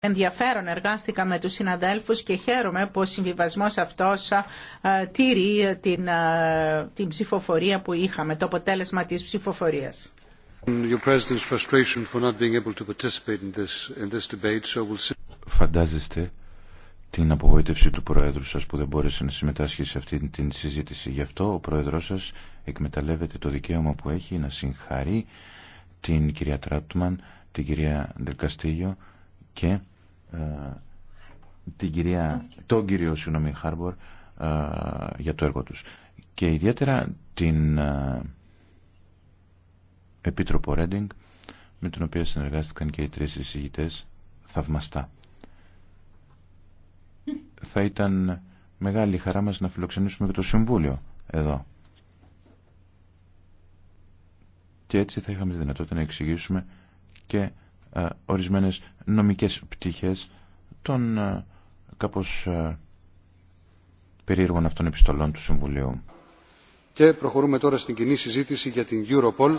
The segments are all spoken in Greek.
ενδιαφέρον εργάστηκα με τους συναδέλφους και χαίρομαι που ο συμβιβασμός αυτός ε, τήρει την, ε, την ψηφοφορία που είχαμε, το αποτέλεσμα της ψηφοφορίας. Φαντάζεστε την απογοήτευση του Πρόεδρου σας που δεν μπόρεσε να συμμετάσχει σε αυτή την συζήτηση. Γι' αυτό ο Πρόεδρος σας εκμεταλλεύεται το δικαίωμα που έχει να συγχαρεί την κυρία Τράπτμαν, την κυρία Ντελκαστήγιο και ε, την κυρία, τον κύριο συγγνώμη Χάρμπορ ε, για το έργο τους και ιδιαίτερα την ε, Επίτροπο Ρέντινγκ με την οποία συνεργάστηκαν και οι τρεις εισηγητές θαυμαστά. Θα ήταν μεγάλη χαρά μας να φιλοξενήσουμε και το Συμβούλιο εδώ. Και έτσι θα είχαμε τη δυνατότητα να εξηγήσουμε και ε, ορισμένες νομικές πτυχές των ε, κάπως ε, περίεργων αυτών επιστολών του Συμβουλίου. Και προχωρούμε τώρα στην κοινή συζήτηση για την Europol.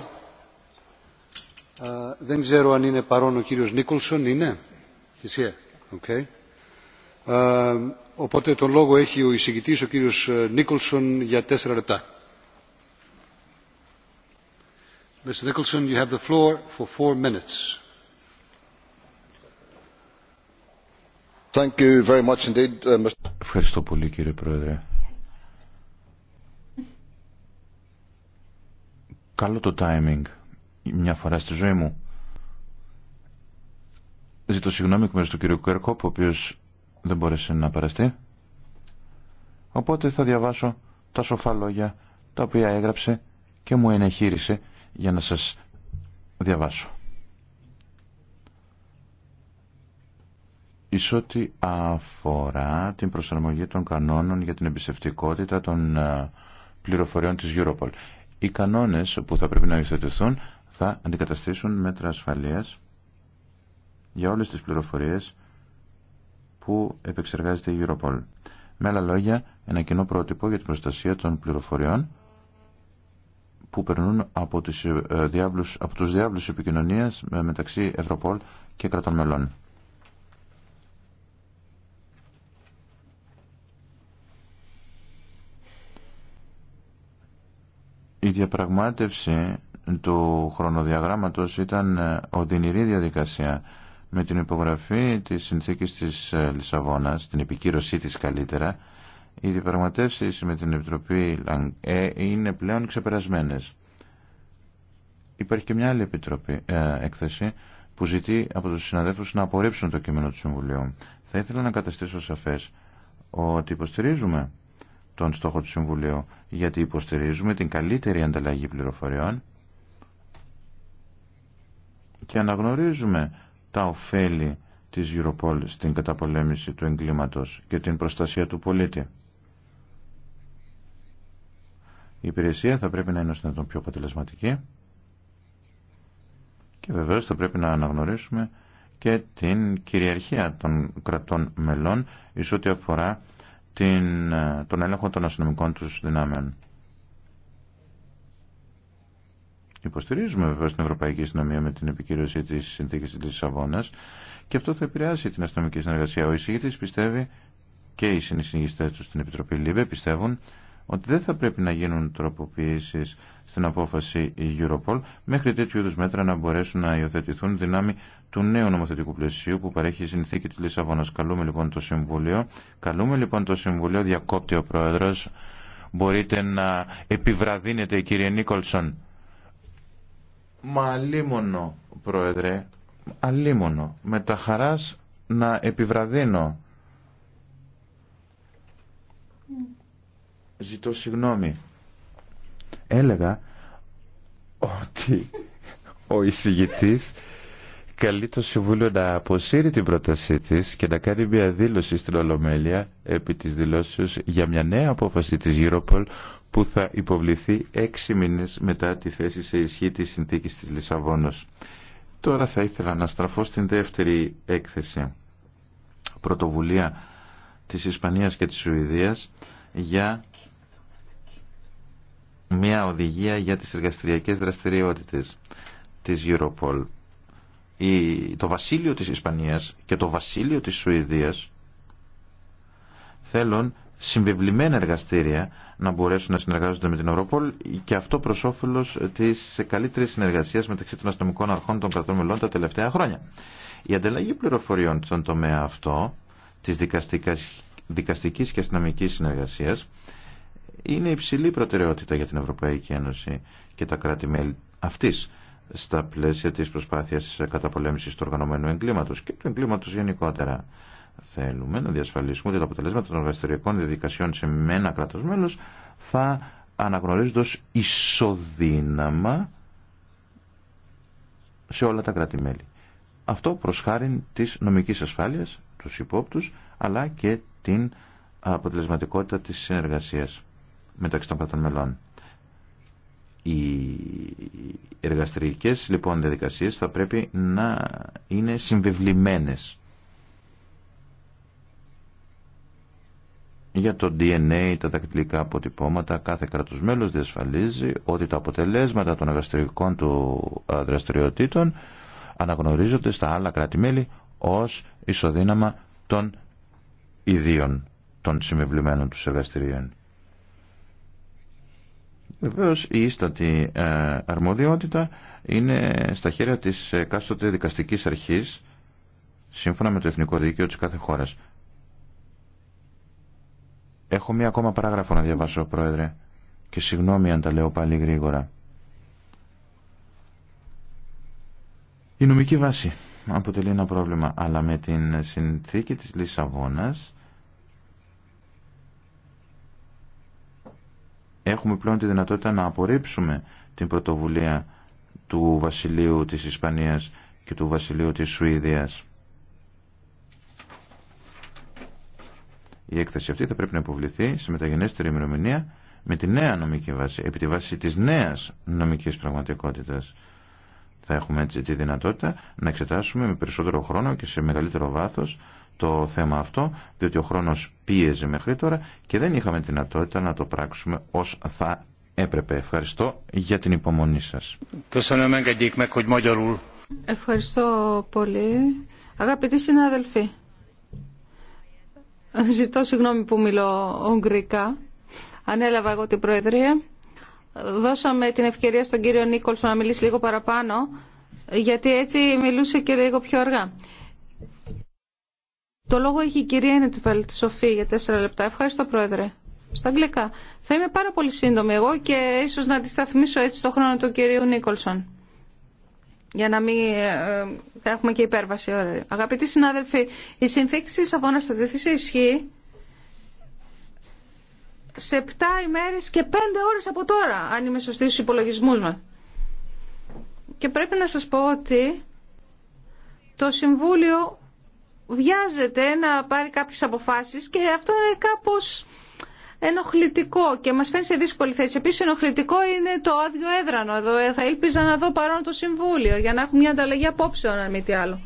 Δεν ξέρω αν είναι παρόν ο κύριος Νίκολσον. Είναι. Here. Okay. Οπότε τον λόγο έχει ο εισηγητής, ο κύριος Νίκολσον, για τέσσερα λεπτά. Mr. Nicholson, you have the floor for four minutes. Uh, Ευχαριστώ πολύ κύριε Πρόεδρε. Καλό το timing. Μια φορά στη ζωή μου. Ζητώ συγγνώμη εκ μέρους του κύριου Κέρκοπ, ο οποίος δεν μπόρεσε να παραστεί. Οπότε θα διαβάσω τα σοφά λόγια τα οποία έγραψε και μου ενεχείρισε για να σας διαβάσω. Εις ό,τι αφορά την προσαρμογή των κανόνων για την εμπιστευτικότητα των ε, πληροφοριών της Europol. Οι κανόνες που θα πρέπει να υιοθετηθούν θα αντικαταστήσουν μέτρα ασφαλείας για όλες τις πληροφορίες που επεξεργάζεται η Europol. Με άλλα λόγια, ένα κοινό πρότυπο για την προστασία των πληροφοριών που περνούν από ε, τους διάβλους, από επικοινωνίας ε, μεταξύ Ευρωπόλ και κρατών μελών. Η διαπραγμάτευση του χρονοδιαγράμματος ήταν ε, οδυνηρή διαδικασία με την υπογραφή της συνθήκης της ε, Λισαβόνας, την επικύρωσή της καλύτερα, οι διαπραγματεύσεις με την Επιτροπή ΛΑΝΚΕ είναι πλέον ξεπερασμένες. Υπάρχει και μια άλλη επιτροπή, ε, έκθεση που ζητεί από τους συναδέλφους να απορρίψουν το κείμενο του Συμβουλίου. Θα ήθελα να καταστήσω σαφές ότι υποστηρίζουμε τον στόχο του Συμβουλίου γιατί υποστηρίζουμε την καλύτερη ανταλλαγή πληροφοριών και αναγνωρίζουμε τα ωφέλη της Europol στην καταπολέμηση του εγκλήματος και την προστασία του πολίτη. Η υπηρεσία θα πρέπει να είναι ώστε να τον πιο αποτελεσματική και βεβαίως θα πρέπει να αναγνωρίσουμε και την κυριαρχία των κρατών μελών εις ό,τι αφορά την, ε, τον έλεγχο των αστυνομικών τους δυνάμεων. Υποστηρίζουμε βέβαια την Ευρωπαϊκή Αστυνομία με την επικύρωση της συνθήκης της Λισαβόνας και αυτό θα επηρεάσει την αστυνομική συνεργασία. Ο εισηγητής πιστεύει και οι συνεισηγητές του στην Επιτροπή ΛΥΒΕ πιστεύουν ότι δεν θα πρέπει να γίνουν τροποποιήσεις στην απόφαση η Europol μέχρι τέτοιου είδου μέτρα να μπορέσουν να υιοθετηθούν δυνάμει του νέου νομοθετικού πλαισίου που παρέχει η συνθήκη της Λισαβόνα. Καλούμε λοιπόν το Συμβουλίο. Καλούμε λοιπόν το Συμβουλίο, διακόπτει ο Πρόεδρος. Μπορείτε να επιβραδύνετε κύριε Νίκολσον. Μα αλίμονο, Πρόεδρε, αλίμονο. Με τα χαράς να επιβραδύνω Ζητώ συγγνώμη. Έλεγα ότι ο εισηγητής καλεί το Συμβούλιο να αποσύρει την πρότασή της και να κάνει μια δήλωση στην Ολομέλεια επί της δηλώσεως για μια νέα απόφαση της Europol που θα υποβληθεί έξι μήνες μετά τη θέση σε ισχύ της συνθήκης της Λισαβόνος. Τώρα θα ήθελα να στραφώ στην δεύτερη έκθεση πρωτοβουλία της Ισπανίας και της Σουηδίας για μια οδηγία για τις εργαστηριακές δραστηριότητες της Europol. Η, το βασίλειο της Ισπανίας και το βασίλειο της Σουηδίας θέλουν συμβεβλημένα εργαστήρια να μπορέσουν να συνεργάζονται με την Europol και αυτό προ όφελο τη καλύτερη συνεργασία μεταξύ των αστυνομικών αρχών των κρατών μελών τα τελευταία χρόνια. Η ανταλλαγή πληροφοριών στον τομέα αυτό τη δικαστική και αστυνομική συνεργασία είναι υψηλή προτεραιότητα για την Ευρωπαϊκή Ένωση και τα κράτη-μέλη αυτή στα πλαίσια τη προσπάθεια καταπολέμησης του οργανωμένου εγκλήματος και του εγκλήματος γενικότερα. Θέλουμε να διασφαλίσουμε ότι τα αποτελέσματα των εργαστηριακών διαδικασιών σε ένα κράτος μέλο θα αναγνωρίζονται ως ισοδύναμα σε όλα τα κράτη-μέλη. Αυτό προ χάρη τη νομική ασφάλεια, τους υπόπτου, αλλά και την αποτελεσματικότητα της συνεργασίας μεταξύ των κρατών μελών. Οι εργαστηριακες, λοιπόν διαδικασίες θα πρέπει να είναι συμβεβλημένες για το DNA, τα δακτυλικά αποτυπώματα κάθε κράτος μέλος διασφαλίζει ότι τα αποτελέσματα των εργαστηρικών του δραστηριοτήτων αναγνωρίζονται στα άλλα κράτη-μέλη ως ισοδύναμα των ιδίων των συμβεβλημένων του εργαστηρίων. Βεβαίω η ίστατη ε, αρμοδιότητα είναι στα χέρια της εκάστοτε δικαστική αρχής σύμφωνα με το εθνικό δίκαιο της κάθε χώρας. Έχω μία ακόμα παράγραφο να διαβάσω, Πρόεδρε, και συγγνώμη αν τα λέω πάλι γρήγορα. Η νομική βάση αποτελεί ένα πρόβλημα, αλλά με την συνθήκη της Λισαβόνας έχουμε πλέον τη δυνατότητα να απορρίψουμε την πρωτοβουλία του Βασιλείου της Ισπανίας και του Βασιλείου της Σουηδίας. Η έκθεση αυτή θα πρέπει να υποβληθεί σε μεταγενέστερη ημερομηνία με τη νέα νομική βάση, επί τη βάση της νέας νομικής πραγματικότητας. Θα έχουμε έτσι τη δυνατότητα να εξετάσουμε με περισσότερο χρόνο και σε μεγαλύτερο βάθος το θέμα αυτό, διότι ο χρόνος πίεζε μέχρι τώρα και δεν είχαμε δυνατότητα να το πράξουμε ως θα έπρεπε. Ευχαριστώ για την υπομονή σας. Ευχαριστώ πολύ. Αγαπητοί συνάδελφοι, ζητώ συγγνώμη που μιλώ ογκρικά. Ανέλαβα εγώ την Προεδρία. Δώσαμε την ευκαιρία στον κύριο Νίκολσον να μιλήσει λίγο παραπάνω, γιατί έτσι μιλούσε και λίγο πιο αργά. Το λόγο έχει η κυρία τη Σοφή για τέσσερα λεπτά. Ευχαριστώ, Πρόεδρε. Στα αγγλικά. Θα είμαι πάρα πολύ σύντομη εγώ και ίσως να αντισταθμίσω έτσι το χρόνο του κυρίου Νίκολσον. Για να μην ε, ε, έχουμε και υπέρβαση. Ωραία. Αγαπητοί συνάδελφοι, η συνθήκη της Αβώνας θα δεθεί σε ισχύ σε 7 ημέρες και 5 ώρες από τώρα, αν είμαι σωστή στους υπολογισμούς μας. Και πρέπει να σας πω ότι το Συμβούλιο βιάζεται να πάρει κάποιες αποφάσεις και αυτό είναι κάπως ενοχλητικό και μας φαίνεται σε δύσκολη θέση. Επίσης ενοχλητικό είναι το άδειο έδρανο εδώ. Ε, θα ήλπιζα να δω παρόν το Συμβούλιο για να έχουμε μια ανταλλαγή απόψεων αν μη τι άλλο.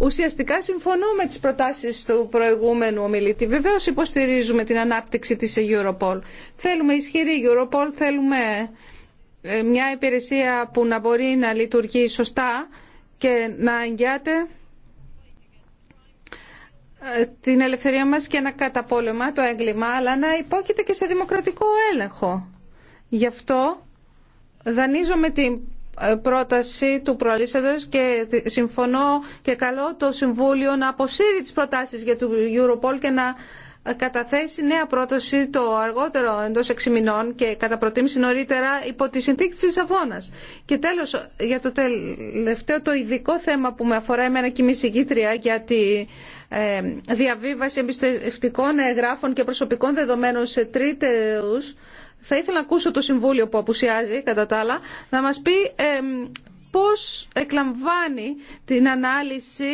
Ουσιαστικά συμφωνούμε με τις προτάσεις του προηγούμενου ομιλητή. Βεβαίως υποστηρίζουμε την ανάπτυξη της Europol. Θέλουμε ισχυρή Europol, θέλουμε ε, μια υπηρεσία που να μπορεί να λειτουργεί σωστά και να εγγυάται ε, την ελευθερία μας και να καταπόλεμα το έγκλημα, αλλά να υπόκειται και σε δημοκρατικό έλεγχο. Γι' αυτό δανείζομαι την ε, πρόταση του προαλήσεδες και συμφωνώ και καλώ το Συμβούλιο να αποσύρει τις προτάσεις για το Europol και να καταθέσει νέα πρόταση το αργότερο εντό 6 μηνών και κατά προτίμηση νωρίτερα υπό τη συνθήκη τη Λισαβόνα. Και τέλο, για το τελευταίο, το ειδικό θέμα που με αφορά εμένα και η μισηγήτρια για τη ε, διαβίβαση εμπιστευτικών εγγράφων και προσωπικών δεδομένων σε τρίτεους θα ήθελα να ακούσω το Συμβούλιο που απουσιάζει κατά τα άλλα να μα πει ε, πώς εκλαμβάνει την ανάλυση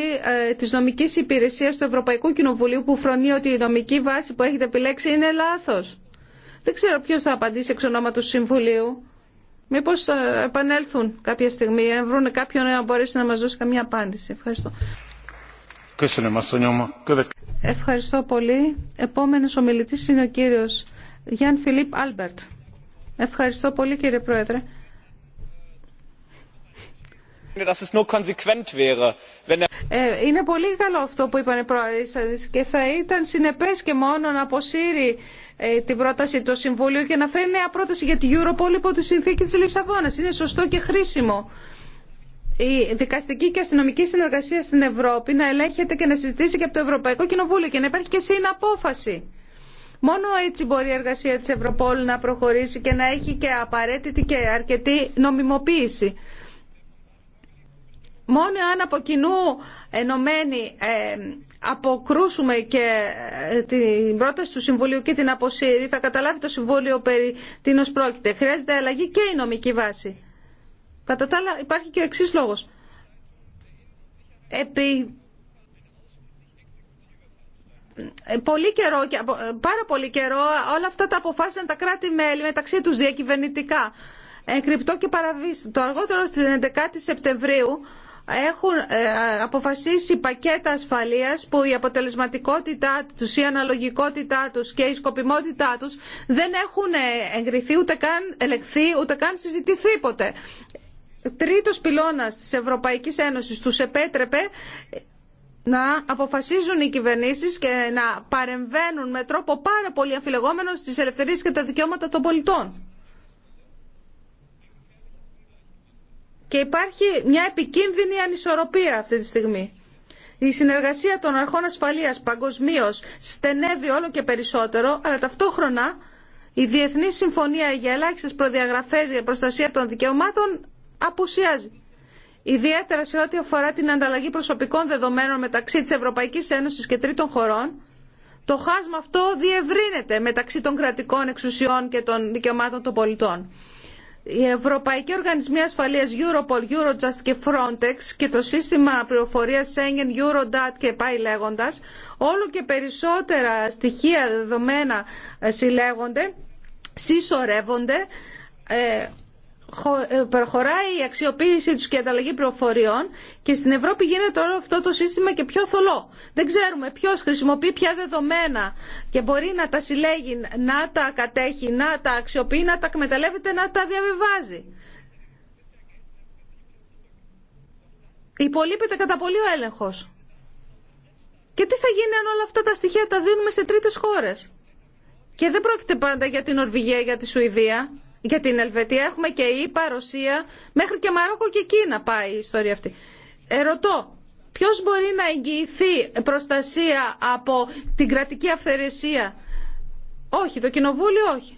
ε, της νομικής υπηρεσίας του Ευρωπαϊκού Κοινοβουλίου που φρονεί ότι η νομική βάση που έχετε επιλέξει είναι λάθος. Δεν ξέρω ποιος θα απαντήσει εξ ονόματος του Συμβουλίου. Μήπως ε, επανέλθουν κάποια στιγμή, ε, βρουν κάποιον να μπορέσει να μας δώσει καμία απάντηση. Ευχαριστώ. Ευχαριστώ πολύ. Επόμενος ομιλητής είναι ο κύριος Γιάνν Φιλίπ Άλμπερτ. Ευχαριστώ πολύ κύριε Πρόεδρε. Er ε, είναι πολύ καλό αυτό που είπαν οι πρόεδροι και θα ήταν συνεπές και μόνο να αποσύρει ε, την πρόταση του συμβουλίου και να φέρει νέα πρόταση για την Europol υπό τη συνθήκη τη Λισαβόνα. Είναι σωστό και χρήσιμο η δικαστική και αστυνομική συνεργασία στην Ευρώπη να ελέγχεται και να συζητήσει και από το Ευρωπαϊκό Κοινοβούλιο και να υπάρχει και συναπόφαση. Μόνο έτσι μπορεί η εργασία τη Ευρωπόλ να προχωρήσει και να έχει και απαραίτητη και αρκετή νομιμοποίηση. Μόνο αν από κοινού ενωμένοι ε, αποκρούσουμε και ε, την πρόταση του Συμβουλίου και την αποσύρει, θα καταλάβει το Συμβούλιο περί τίνος πρόκειται. Χρειάζεται αλλαγή και η νομική βάση. Κατά τα άλλα υπάρχει και ο εξής λόγος. Επί ε, πολύ καιρό, πάρα πολύ καιρό όλα αυτά τα αποφάσισαν τα κράτη-μέλη μεταξύ τους διακυβερνητικά. Εγκρυπτό και παραβίστο. Το αργότερο στις 11 Σεπτεμβρίου έχουν ε, αποφασίσει πακέτα ασφαλείας που η αποτελεσματικότητά τους, η αναλογικότητά τους και η σκοπιμότητά τους δεν έχουν ε, εγκριθεί ούτε καν ελεγχθεί ούτε καν συζητηθεί ποτέ. Τρίτος πυλώνας της Ευρωπαϊκής Ένωσης τους επέτρεπε να αποφασίζουν οι κυβερνήσεις και να παρεμβαίνουν με τρόπο πάρα πολύ αμφιλεγόμενο στις ελευθερίες και τα δικαιώματα των πολιτών. Και υπάρχει μια επικίνδυνη ανισορροπία αυτή τη στιγμή. Η συνεργασία των αρχών ασφαλείας παγκοσμίω στενεύει όλο και περισσότερο, αλλά ταυτόχρονα η Διεθνή Συμφωνία για ελάχιστε προδιαγραφές για προστασία των δικαιωμάτων απουσιάζει ιδιαίτερα σε ό,τι αφορά την ανταλλαγή προσωπικών δεδομένων μεταξύ της Ευρωπαϊκής Ένωσης και τρίτων χωρών, το χάσμα αυτό διευρύνεται μεταξύ των κρατικών εξουσιών και των δικαιωμάτων των πολιτών. Οι Ευρωπαϊκοί Οργανισμοί Ασφαλείας Europol, Eurojust και Frontex και το σύστημα πληροφορία Schengen, Eurodat και πάει λέγοντας, όλο και περισσότερα στοιχεία δεδομένα ε, συλλέγονται, συσσωρεύονται, ε, ε, προχωράει η αξιοποίησή τους και η ανταλλαγή πληροφοριών και στην Ευρώπη γίνεται όλο αυτό το σύστημα και πιο θολό. Δεν ξέρουμε ποιος χρησιμοποιεί ποια δεδομένα και μπορεί να τα συλλέγει, να τα κατέχει, να τα αξιοποιεί, να τα εκμεταλλεύεται, να τα διαβιβάζει. Υπολείπεται κατά πολύ ο έλεγχος. Και τι θα γίνει αν όλα αυτά τα στοιχεία τα δίνουμε σε τρίτες χώρες. Και δεν πρόκειται πάντα για την Ορβηγία, για τη Σουηδία για την Ελβετία. Έχουμε και η παρουσία, μέχρι και Μαρόκο και Κίνα πάει η ιστορία αυτή. Ερωτώ, ποιος μπορεί να εγγυηθεί προστασία από την κρατική αυθαιρεσία. Όχι, το Κοινοβούλιο όχι.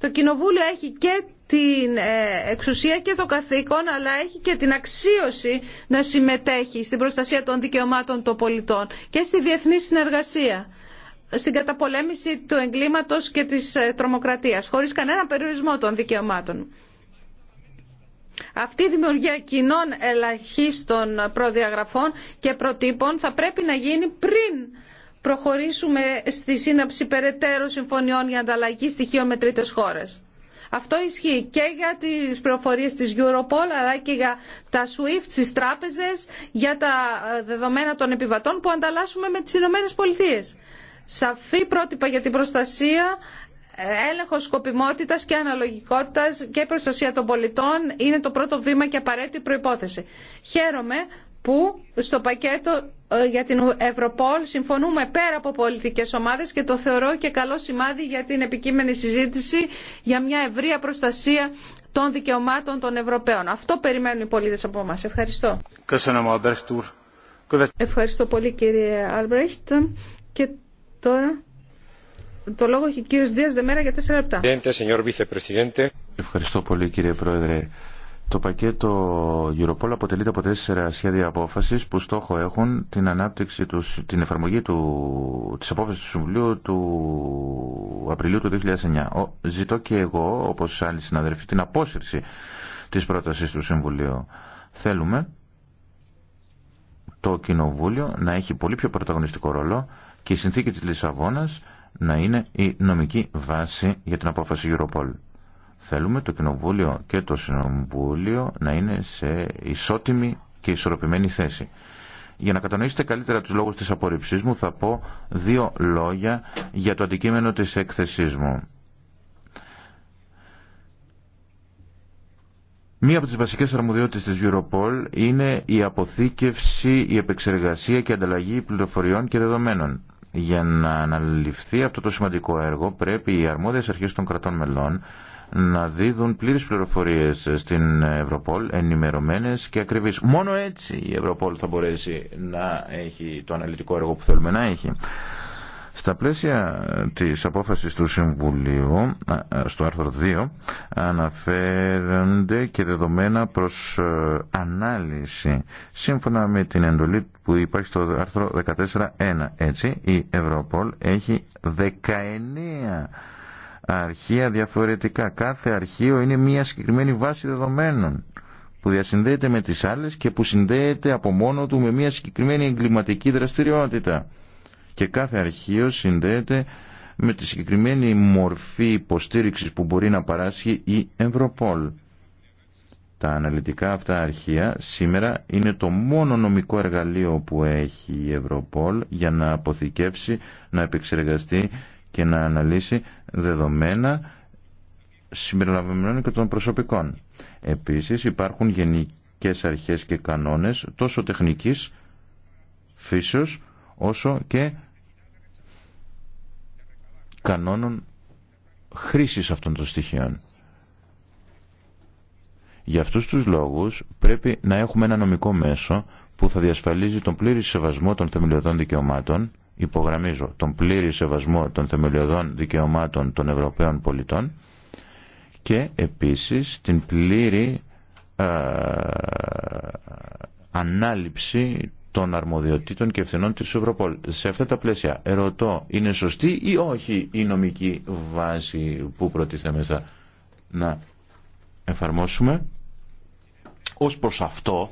Το Κοινοβούλιο έχει και την ε, εξουσία και το καθήκον, αλλά έχει και την αξίωση να συμμετέχει στην προστασία των δικαιωμάτων των πολιτών και στη διεθνή συνεργασία στην καταπολέμηση του εγκλήματος και της ε, τρομοκρατίας, χωρίς κανένα περιορισμό των δικαιωμάτων. Αυτή η δημιουργία κοινών ελαχίστων προδιαγραφών και προτύπων θα πρέπει να γίνει πριν προχωρήσουμε στη σύναψη περαιτέρω συμφωνιών για ανταλλαγή στοιχείων με τρίτες χώρες. Αυτό ισχύει και για τις πληροφορίες της Europol αλλά και για τα SWIFT στις τράπεζες, για τα ε, δεδομένα των επιβατών που ανταλλάσσουμε με τις Ηνωμένες Πολιτείες σαφή πρότυπα για την προστασία, ε, έλεγχος σκοπιμότητας και αναλογικότητας και προστασία των πολιτών είναι το πρώτο βήμα και απαραίτητη προϋπόθεση. Χαίρομαι που στο πακέτο ε, για την Ευρωπόλ συμφωνούμε πέρα από πολιτικές ομάδες και το θεωρώ και καλό σημάδι για την επικείμενη συζήτηση για μια ευρεία προστασία των δικαιωμάτων των Ευρωπαίων. Αυτό περιμένουν οι πολίτες από εμάς. Ευχαριστώ. Ευχαριστώ πολύ κύριε Αλμπρέχτ. Τώρα το λόγο έχει ο κύριος Δίας Δεμέρα για τέσσερα λεπτά. Ευχαριστώ πολύ κύριε Πρόεδρε. Το πακέτο Europol αποτελείται από τέσσερα σχέδια απόφασης που στόχο έχουν την ανάπτυξη, του, την εφαρμογή του, της απόφασης του Συμβουλίου του Απριλίου του 2009. ζητώ και εγώ, όπως άλλοι συναδελφοί, την απόσυρση της πρότασης του Συμβουλίου. Θέλουμε το Κοινοβούλιο να έχει πολύ πιο πρωταγωνιστικό ρόλο και η συνθήκη της Λισαβόνας να είναι η νομική βάση για την απόφαση Europol. Θέλουμε το Κοινοβούλιο και το Συνομβούλιο να είναι σε ισότιμη και ισορροπημένη θέση. Για να κατανοήσετε καλύτερα τους λόγους της απορριψής μου θα πω δύο λόγια για το αντικείμενο της έκθεσής μου. Μία από τις βασικές αρμοδιότητες της Europol είναι η αποθήκευση, η επεξεργασία και ανταλλαγή πληροφοριών και δεδομένων. Για να αναλυφθεί αυτό το σημαντικό έργο πρέπει οι αρμόδιες αρχές των κρατών μελών να δίδουν πλήρες πληροφορίες στην Ευρωπόλ, ενημερωμένες και ακριβείς. Μόνο έτσι η Ευρωπόλ θα μπορέσει να έχει το αναλυτικό έργο που θέλουμε να έχει. Στα πλαίσια της απόφασης του Συμβουλίου, στο άρθρο 2, αναφέρονται και δεδομένα προς ε, ανάλυση, σύμφωνα με την εντολή που υπάρχει στο άρθρο 14.1. Έτσι, η Ευρωπόλ έχει 19 αρχεία διαφορετικά. Κάθε αρχείο είναι μια συγκεκριμένη βάση δεδομένων που διασυνδέεται με τις άλλες και που συνδέεται από μόνο του με μια συγκεκριμένη εγκληματική δραστηριότητα και κάθε αρχείο συνδέεται με τη συγκεκριμένη μορφή υποστήριξης που μπορεί να παράσχει η Ευρωπόλ. Τα αναλυτικά αυτά αρχεία σήμερα είναι το μόνο νομικό εργαλείο που έχει η Ευρωπόλ για να αποθηκεύσει, να επεξεργαστεί και να αναλύσει δεδομένα συμπεριλαμβανομένων και των προσωπικών. Επίσης υπάρχουν γενικές αρχές και κανόνες τόσο τεχνικής φύσεως όσο και κανόνων χρήσης αυτών των στοιχείων. Για αυτούς τους λόγους πρέπει να έχουμε ένα νομικό μέσο που θα διασφαλίζει τον πλήρη σεβασμό των θεμελιωδών δικαιωμάτων, υπογραμμίζω, τον πλήρη σεβασμό των θεμελιωδών δικαιωμάτων των Ευρωπαίων πολιτών και επίσης την πλήρη ε, ανάληψη των αρμοδιοτήτων και ευθυνών της Ευρωπόλ. Σε αυτά τα πλαίσια ερωτώ, είναι σωστή ή όχι η νομική βάση που προτίθεμεθα να εφαρμόσουμε. Ως προς αυτό,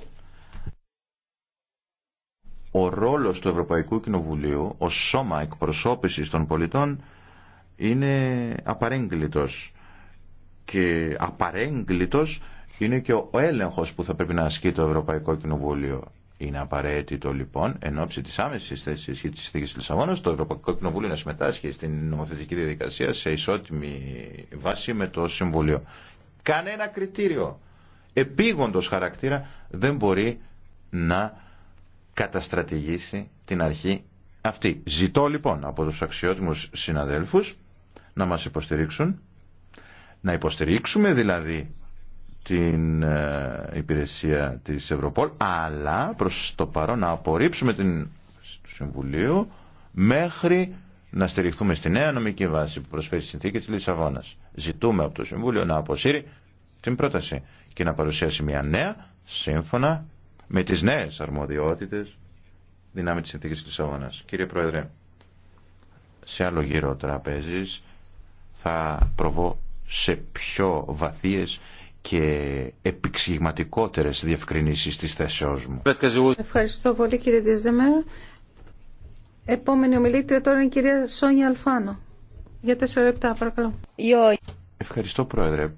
ο ρόλος του Ευρωπαϊκού Κοινοβουλίου ως σώμα εκπροσώπησης των πολιτών είναι απαρέγκλητος και απαρέγκλητος είναι και ο έλεγχος που θα πρέπει να ασκεί το Ευρωπαϊκό Κοινοβούλιο. Είναι απαραίτητο λοιπόν εν ώψη τη άμεση θέση ισχύ τη συνθήκη τη Λισαβόνα το Ευρωπαϊκό Κοινοβούλιο να συμμετάσχει στην νομοθετική διαδικασία σε ισότιμη βάση με το Συμβουλίο. Κανένα κριτήριο επίγοντο χαρακτήρα δεν μπορεί να καταστρατηγήσει την αρχή αυτή. Ζητώ λοιπόν από τους αξιότιμους συναδέλφους να μας υποστηρίξουν, να υποστηρίξουμε δηλαδή την ε, υπηρεσία της Ευρωπόλ αλλά προς το παρόν να απορρίψουμε την του Συμβουλίου μέχρι να στηριχθούμε στη νέα νομική βάση που προσφέρει συνθήκη της Λισαβόνας. Ζητούμε από το Συμβούλιο να αποσύρει την πρόταση και να παρουσιάσει μια νέα σύμφωνα με τις νέες αρμοδιότητες δυνάμει της συνθήκης της Λισαβόνας. Κύριε Πρόεδρε, σε άλλο γύρο τραπέζης θα προβώ σε πιο βαθίες και επεξηγηματικότερες διευκρινήσει τη θέσεώς μου. Ευχαριστώ πολύ κύριε Διεσδεμέρα. Επόμενη ομιλήτρια τώρα είναι η κυρία Σόνια Αλφάνο. Για τέσσερα λεπτά παρακαλώ. Ευχαριστώ πρόεδρε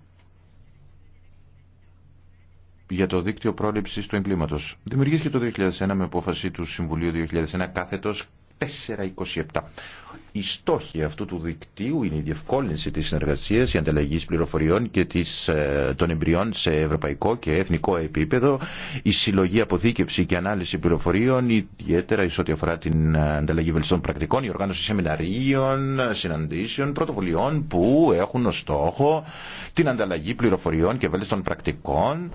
για το δίκτυο πρόληψη του εγκλήματο. Δημιουργήθηκε το 2001 με απόφαση του Συμβουλίου 2001 κάθετο η στόχη αυτού του δικτύου είναι η διευκόλυνση της συνεργασίας, η ανταλλαγή πληροφοριών και της, ε, των εμπειριών σε ευρωπαϊκό και εθνικό επίπεδο, η συλλογή, αποθήκευση και ανάλυση πληροφοριών, ιδιαίτερα σε ό,τι αφορά την ε, ανταλλαγή βελτιστών πρακτικών, η οργάνωση σεμιναρίων, συναντήσεων, πρωτοβουλειών που έχουν ως στόχο την ανταλλαγή πληροφοριών και βελτιστών πρακτικών,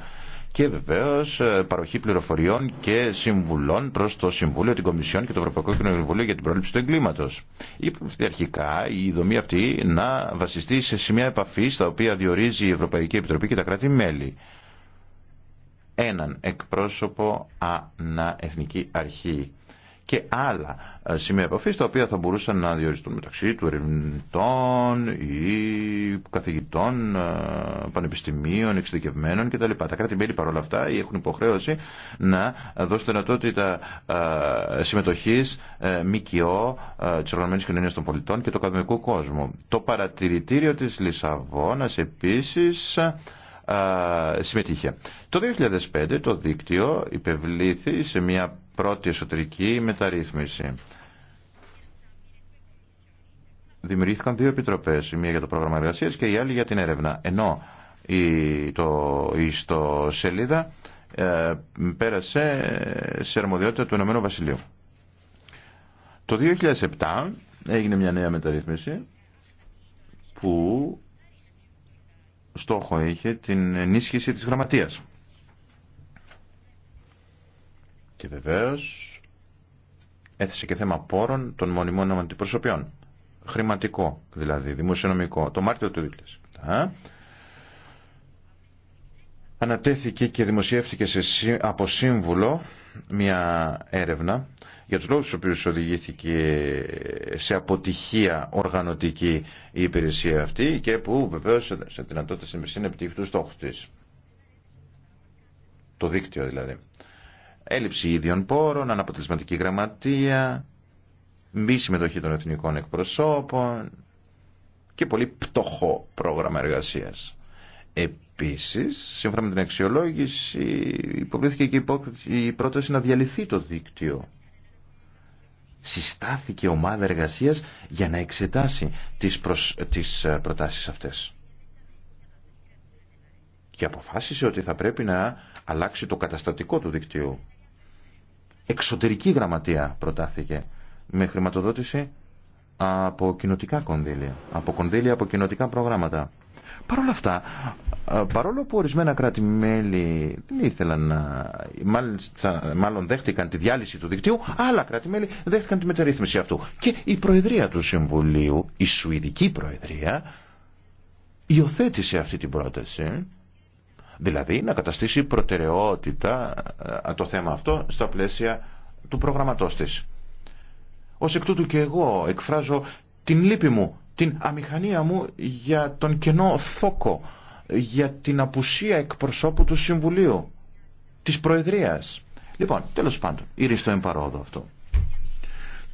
και βεβαίω ε, παροχή πληροφοριών και συμβουλών προ το Συμβούλιο, την Κομισιόν και το Ευρωπαϊκό Κοινοβούλιο για την πρόληψη του εγκλήματο. Είπε αρχικά η δομή αυτή να βασιστεί σε σημεία επαφή τα οποία διορίζει η Ευρωπαϊκή Επιτροπή και τα κράτη-μέλη. Έναν εκπρόσωπο ανά αρχή και άλλα ε, σημεία επαφή τα οποία θα μπορούσαν να διοριστούν μεταξύ του ερευνητών ή καθηγητών ε, πανεπιστημίων, εξειδικευμένων κτλ. Τα κράτη-μέλη παρόλα αυτά έχουν υποχρέωση να δώσουν δυνατότητα ε, συμμετοχή ΜΚΟ τη Οργανωμένη Κοινωνία των Πολιτών και του ακαδημικού κόσμου. Το παρατηρητήριο τη Λισαβόνα επίση συμμετείχε. Το 2005 το δίκτυο υπευλήθη σε μια πρώτη εσωτερική μεταρρύθμιση. Δημιουργήθηκαν δύο επιτροπές, η μία για το πρόγραμμα εργασίας και η άλλη για την έρευνα. Ενώ η, το, η σελίδα ε, πέρασε σε αρμοδιότητα του Ηνωμένου Βασιλείου. Το 2007 έγινε μια νέα μεταρρύθμιση που στόχο είχε την ενίσχυση της γραμματείας. Και βεβαίω, έθεσε και θέμα πόρων των μονιμών αντιπροσωπιών. Χρηματικό δηλαδή, δημοσιονομικό. Το Μάρτιο του 2000. ανατέθηκε και δημοσιεύτηκε σε, από σύμβουλο μια έρευνα για τους λόγους στους οποίους οδηγήθηκε σε αποτυχία οργανωτική η υπηρεσία αυτή και που βεβαίως σε δυνατότητα στην επιτύχει του στόχου της. Το δίκτυο δηλαδή έλλειψη ίδιων πόρων, αναποτελεσματική γραμματεία, μη συμμετοχή των εθνικών εκπροσώπων και πολύ πτωχό πρόγραμμα εργασίας. Επίσης, σύμφωνα με την αξιολόγηση, υποβλήθηκε και η πρόταση να διαλυθεί το δίκτυο. Συστάθηκε ομάδα εργασίας για να εξετάσει τις, προσ... τις ε, προτάσεις αυτές. Και αποφάσισε ότι θα πρέπει να αλλάξει το καταστατικό του δικτύου εξωτερική γραμματεία προτάθηκε με χρηματοδότηση από κοινοτικά κονδύλια, από κονδύλια από κοινοτικά προγράμματα. Παρ' όλα αυτά, ε, παρόλο που ορισμένα κράτη-μέλη δεν ήθελαν να. μάλλον δέχτηκαν τη διάλυση του δικτύου, άλλα κράτη-μέλη δέχτηκαν τη μεταρρύθμιση αυτού. Και η Προεδρία του Συμβουλίου, η Σουηδική Προεδρία, υιοθέτησε αυτή την πρόταση Δηλαδή να καταστήσει προτεραιότητα ε, το θέμα αυτό στα πλαίσια του προγραμματός της. Ως εκ τούτου και εγώ εκφράζω την λύπη μου, την αμηχανία μου για τον κενό θόκο, για την απουσία εκπροσώπου του Συμβουλίου, της Προεδρίας. Λοιπόν, τέλος πάντων, ήρθε στο εμπαρόδο αυτό.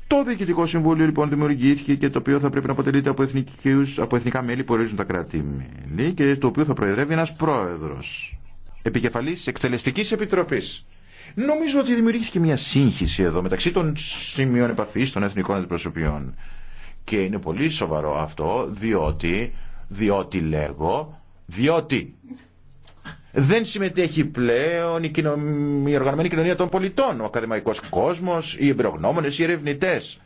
Το Διοικητικό Συμβούλιο λοιπόν δημιουργήθηκε και το οποίο θα πρέπει να αποτελείται από, εθνικούς, από εθνικά μέλη που ορίζουν τα κρατη και το οποίο θα προεδρεύει ένα πρόεδρο επικεφαλή εκτελεστική επιτροπή. Νομίζω ότι δημιουργήθηκε μια σύγχυση εδώ μεταξύ των σημείων επαφή των εθνικών αντιπροσωπιών. Και είναι πολύ σοβαρό αυτό διότι, διότι λέγω, διότι δεν συμμετέχει πλέον η, κοινο... η οργανωμένη κοινωνία των πολιτών, ο ακαδημαϊκός κόσμος, οι εμπειρογνώμονες, οι ερευνητές.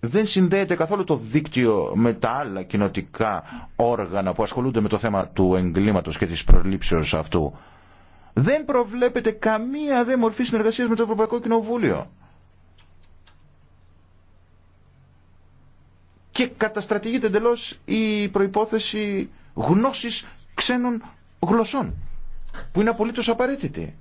δεν συνδέεται καθόλου το δίκτυο με τα άλλα κοινοτικά όργανα που ασχολούνται με το θέμα του εγκλήματος και της προλήψεως αυτού. Δεν προβλέπεται καμία δε μορφή συνεργασίας με το Ευρωπαϊκό Κοινοβούλιο. Και καταστρατηγείται εντελώ η προϋπόθεση γνώσεις ξένων γλωσσών, που είναι απολύτως απαραίτητη.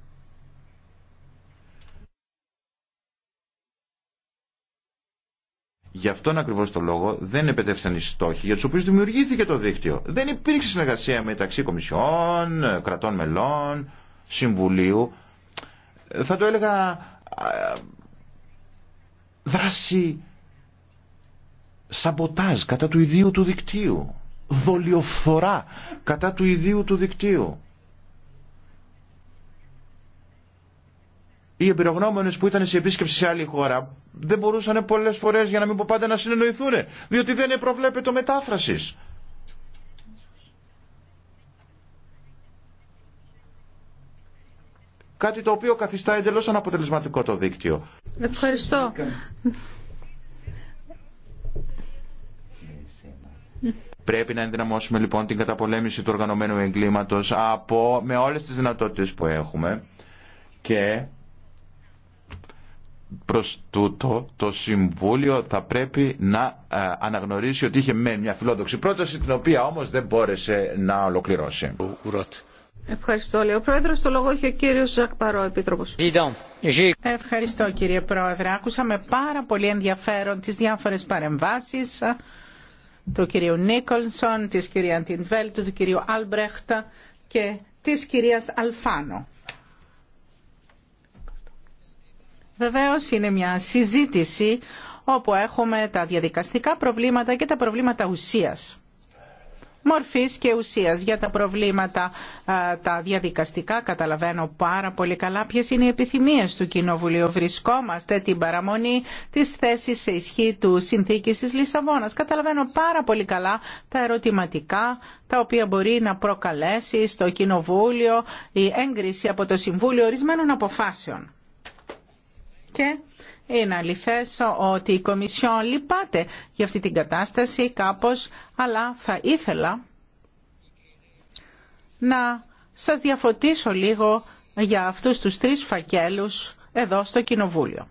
Γι' αυτόν ακριβώς το λόγο δεν επέτευσαν οι στόχοι για του οποίου δημιουργήθηκε το δίκτυο. Δεν υπήρξε συνεργασία μεταξύ κομισιών, κρατών μελών, συμβουλίου. Θα το έλεγα δράση σαμποτάζ κατά του ιδίου του δικτύου δολιοφθορά κατά του ιδίου του δικτύου. Οι εμπειρογνώμονες που ήταν σε επίσκεψη σε άλλη χώρα δεν μπορούσαν πολλές φορές για να μην πω πάντα να συνεννοηθούν διότι δεν προβλέπεται μετάφρασης. Κάτι το οποίο καθιστά εντελώς αναποτελεσματικό το δίκτυο. Ευχαριστώ. Πρέπει να ενδυναμώσουμε λοιπόν την καταπολέμηση του οργανωμένου εγκλήματος από, με όλες τις δυνατότητες που έχουμε και προς τούτο το Συμβούλιο θα πρέπει να ε, αναγνωρίσει ότι είχε με μια φιλόδοξη πρόταση την οποία όμως δεν μπόρεσε να ολοκληρώσει. Ευχαριστώ, λέει ο Πρόεδρο. Το λόγο έχει ο κύριο Ζακ Ευχαριστώ, κύριε Πρόεδρε. Ακούσαμε πάρα πολύ ενδιαφέρον τι διάφορε παρεμβάσει του κυρίου Νίκολσον, της κυρία Τινβέλτ, του κυρίου Άλμπρεχτα και της κυρίας Αλφάνο. Βεβαίως είναι μια συζήτηση όπου έχουμε τα διαδικαστικά προβλήματα και τα προβλήματα ουσίας μορφής και ουσίας. Για τα προβλήματα τα διαδικαστικά καταλαβαίνω πάρα πολύ καλά ποιες είναι οι επιθυμίες του Κοινοβουλίου. Βρισκόμαστε την παραμονή της θέσης σε ισχύ του συνθήκης της Λισαβόνας. Καταλαβαίνω πάρα πολύ καλά τα ερωτηματικά τα οποία μπορεί να προκαλέσει στο Κοινοβούλιο η έγκριση από το Συμβούλιο ορισμένων αποφάσεων. Είναι αληθές ότι η Κομισιόν λυπάται για αυτή την κατάσταση κάπως, αλλά θα ήθελα να σας διαφωτίσω λίγο για αυτούς τους τρεις φακέλους εδώ στο Κοινοβούλιο.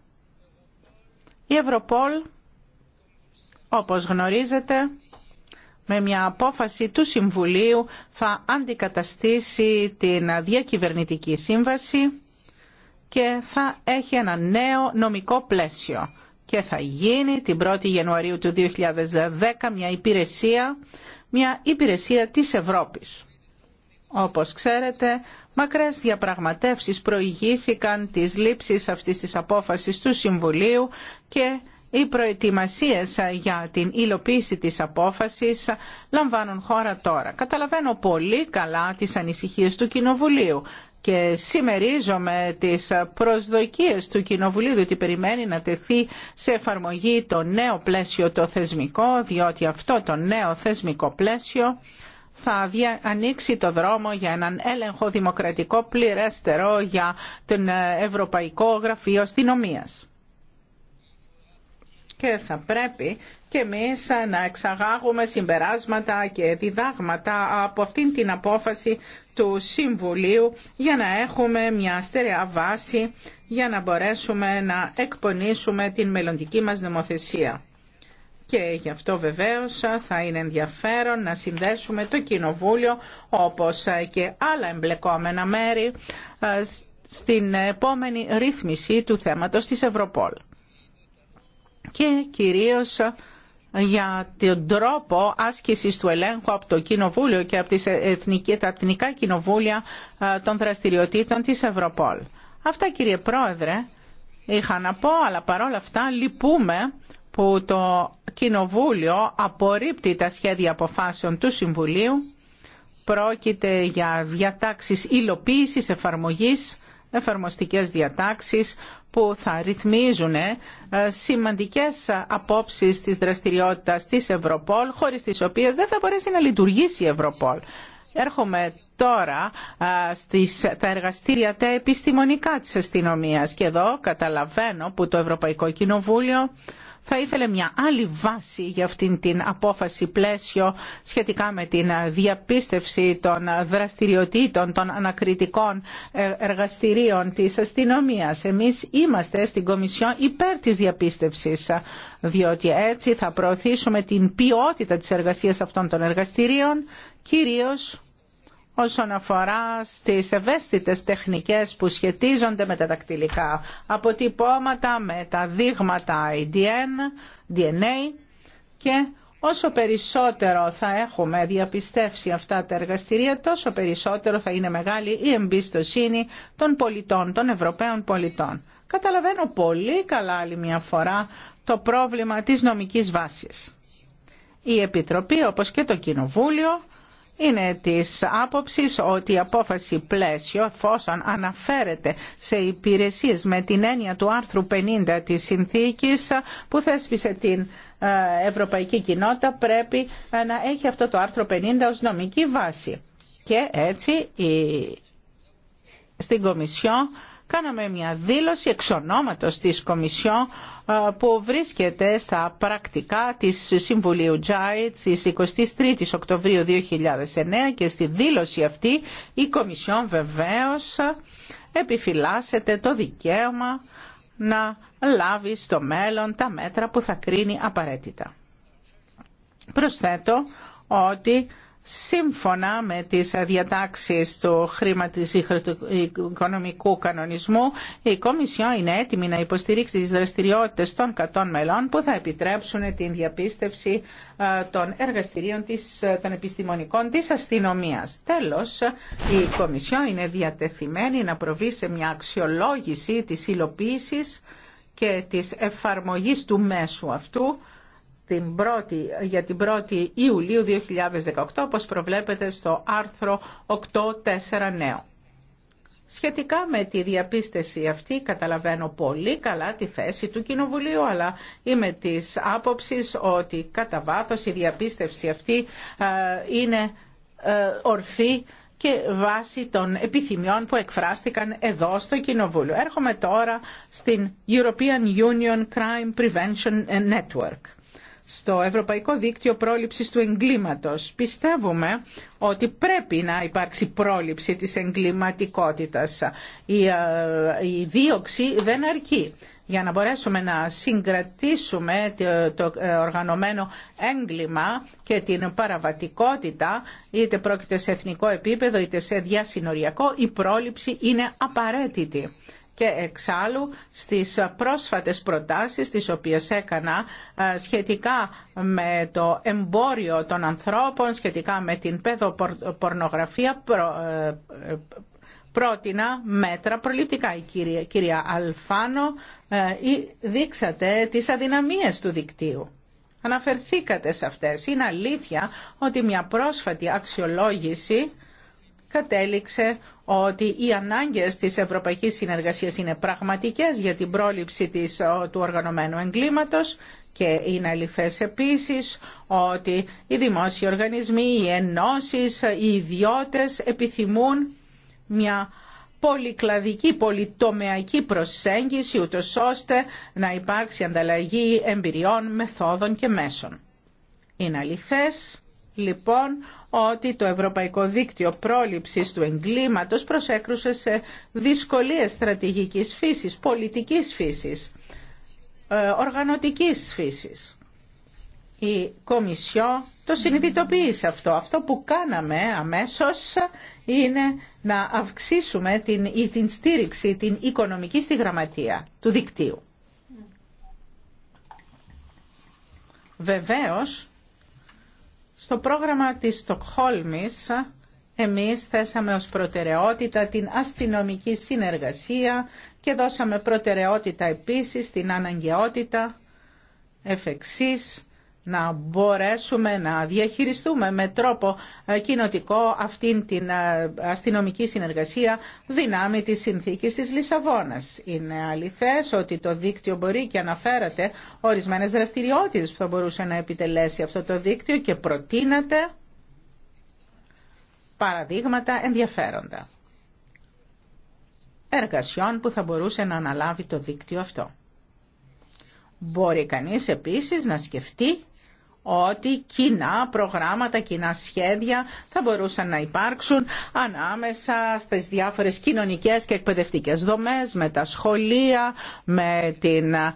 Η Ευρωπόλ, όπως γνωρίζετε, με μια απόφαση του Συμβουλίου θα αντικαταστήσει την διακυβερνητική σύμβαση και θα έχει ένα νέο νομικό πλαίσιο και θα γίνει την 1η Ιανουαρίου του 2010 μια υπηρεσία, μια υπηρεσία της Ευρώπης. Όπως ξέρετε, μακρές διαπραγματεύσεις προηγήθηκαν της λήψης αυτής της απόφασης του Συμβουλίου και οι προετοιμασίες για την υλοποίηση της απόφασης λαμβάνουν χώρα τώρα. Καταλαβαίνω πολύ καλά τις ανησυχίες του Κοινοβουλίου και συμμερίζομαι τις προσδοκίες του Κοινοβουλίου ότι περιμένει να τεθεί σε εφαρμογή το νέο πλαίσιο το θεσμικό διότι αυτό το νέο θεσμικό πλαίσιο θα ανοίξει το δρόμο για έναν έλεγχο δημοκρατικό πληρέστερο για τον ε, Ευρωπαϊκό Γραφείο Αστυνομίας. Και θα πρέπει και εμείς να εξαγάγουμε συμπεράσματα και διδάγματα από αυτήν την απόφαση του Συμβουλίου για να έχουμε μια στερεά βάση για να μπορέσουμε να εκπονήσουμε την μελλοντική μας νομοθεσία. Και γι' αυτό βεβαίως θα είναι ενδιαφέρον να συνδέσουμε το Κοινοβούλιο όπως και άλλα εμπλεκόμενα μέρη στην επόμενη ρύθμιση του θέματος της Ευρωπόλ. Και κυρίως για τον τρόπο άσκησης του ελέγχου από το Κοινοβούλιο και από, τις εθνική τα εθνικά κοινοβούλια ε, των δραστηριοτήτων της Ευρωπόλ. Αυτά κύριε Πρόεδρε είχα να πω, αλλά παρόλα αυτά λυπούμε που το Κοινοβούλιο απορρίπτει τα σχέδια αποφάσεων του Συμβουλίου. Πρόκειται για διατάξεις υλοποίησης εφαρμογής, εφαρμοστικές διατάξεις που θα ρυθμίζουν ε, σημαντικές απόψεις της δραστηριότητας της Ευρωπόλ, χωρίς τις οποίες δεν θα μπορέσει να λειτουργήσει η Ευρωπόλ. Έρχομαι τώρα στις, τα εργαστήρια τα επιστημονικά της αστυνομίας και εδώ καταλαβαίνω που το Ευρωπαϊκό Κοινοβούλιο θα ήθελε μια άλλη βάση για αυτήν την απόφαση πλαίσιο σχετικά με την διαπίστευση των δραστηριοτήτων των ανακριτικών ε, εργαστηρίων της αστυνομίας. Εμείς είμαστε στην Κομισιό υπέρ της διαπίστευσης, διότι έτσι θα προωθήσουμε την ποιότητα της εργασίας αυτών των εργαστηρίων, κυρίως όσον αφορά στις ευαίσθητες τεχνικές που σχετίζονται με τα δακτυλικά αποτυπώματα, με τα δείγματα IDN, DNA και όσο περισσότερο θα έχουμε διαπιστεύσει αυτά τα εργαστηρία, τόσο περισσότερο θα είναι μεγάλη η εμπιστοσύνη των πολιτών, των Ευρωπαίων πολιτών. Καταλαβαίνω πολύ καλά άλλη μια φορά το πρόβλημα της νομικής βάσης. Η Επιτροπή, όπως και το Κοινοβούλιο, είναι της άποψης ότι η απόφαση πλαίσιο εφόσον αναφέρεται σε υπηρεσίες με την έννοια του άρθρου 50 της συνθήκης που θέσπισε την ε, Ευρωπαϊκή Κοινότητα πρέπει ε, να έχει αυτό το άρθρο 50 ως νομική βάση. Και έτσι η... στην Κομισιόν κάναμε μια δήλωση εξ ονόματος της Κομισιόν ε, που βρίσκεται στα πρακτικά της Συμβουλίου Τζάι της 23 Οκτωβρίου 2009 και στη δήλωση αυτή η Κομισιόν βεβαίως επιφυλάσσεται το δικαίωμα να λάβει στο μέλλον τα μέτρα που θα κρίνει απαραίτητα. Προσθέτω ότι σύμφωνα με τις διατάξεις του οικονομικού κανονισμού, η Κομισιό είναι έτοιμη να υποστηρίξει τις δραστηριότητες των 100 μελών που θα επιτρέψουν την διαπίστευση ε, των εργαστηρίων της, ε, των επιστημονικών της αστυνομίας. Τέλος, η Κομισιό είναι διατεθειμένη να προβεί σε μια αξιολόγηση της υλοποίησης και της εφαρμογής του μέσου αυτού την πρώτη, για την 1η Ιουλίου 2018, όπως προβλέπεται στο άρθρο 8.4 νέο. Σχετικά με τη διαπίστευση αυτή καταλαβαίνω πολύ καλά τη θέση του Κοινοβουλίου αλλά είμαι της άποψης ότι κατά βάθο η διαπίστευση αυτή ε, είναι ε, ορφή και βάση των επιθυμιών που εκφράστηκαν εδώ στο Κοινοβούλιο. Έρχομαι τώρα στην European Union Crime Prevention Network στο Ευρωπαϊκό Δίκτυο Πρόληψης του Εγκλήματος. Πιστεύουμε ότι πρέπει να υπάρξει πρόληψη της εγκληματικότητας. Η, ε, η δίωξη δεν αρκεί. Για να μπορέσουμε να συγκρατήσουμε το ε, οργανωμένο έγκλημα και την παραβατικότητα, είτε πρόκειται σε εθνικό επίπεδο είτε σε διασυνοριακό, η πρόληψη είναι απαραίτητη και εξάλλου στις πρόσφατες προτάσεις τις οποίες έκανα ε, σχετικά με το εμπόριο των ανθρώπων, σχετικά με την παιδοπορνογραφία ε, ε, πρότεινα μέτρα προληπτικά. Η κυρία, κυρία Αλφάνο δείξατε τις αδυναμίες του δικτύου. Αναφερθήκατε σε αυτές. Είναι αλήθεια ότι μια πρόσφατη αξιολόγηση κατέληξε ότι οι ανάγκες της ευρωπαϊκής συνεργασίας είναι πραγματικές για την πρόληψη της, του οργανωμένου εγκλήματος και είναι αληθές επίσης ότι οι δημόσιοι οργανισμοί, οι ενώσεις, οι ιδιώτες επιθυμούν μια πολυκλαδική, πολυτομεακή προσέγγιση ούτως ώστε να υπάρξει ανταλλαγή εμπειριών, μεθόδων και μέσων. Είναι αληθές λοιπόν ότι το Ευρωπαϊκό Δίκτυο Πρόληψης του Εγκλήματος προσέκρουσε σε δυσκολίες στρατηγικής φύσης, πολιτικής φύσης, ε, οργανωτικής φύσης. Η Κομισιό το συνειδητοποίησε αυτό. Αυτό που κάναμε αμέσως είναι να αυξήσουμε την, στήριξη, την οικονομική στη γραμματεία του δικτύου. Βεβαίως, στο πρόγραμμα της Στοκχόλμης εμείς θέσαμε ως προτεραιότητα την αστυνομική συνεργασία και δώσαμε προτεραιότητα επίσης την αναγκαιότητα εφ' να μπορέσουμε να διαχειριστούμε με τρόπο ε, κοινοτικό αυτήν την ε, αστυνομική συνεργασία δυνάμει της συνθήκης της Λισαβόνας. Είναι αληθές ότι το δίκτυο μπορεί και αναφέρατε ορισμένες δραστηριότητες που θα μπορούσε να επιτελέσει αυτό το δίκτυο και προτείνατε παραδείγματα ενδιαφέροντα εργασιών που θα μπορούσε να αναλάβει το δίκτυο αυτό. Μπορεί κανείς επίσης να σκεφτεί ότι κοινά προγράμματα, κοινά σχέδια θα μπορούσαν να υπάρξουν ανάμεσα στις διάφορες κοινωνικές και εκπαιδευτικές δομές, με τα σχολεία, με την ε,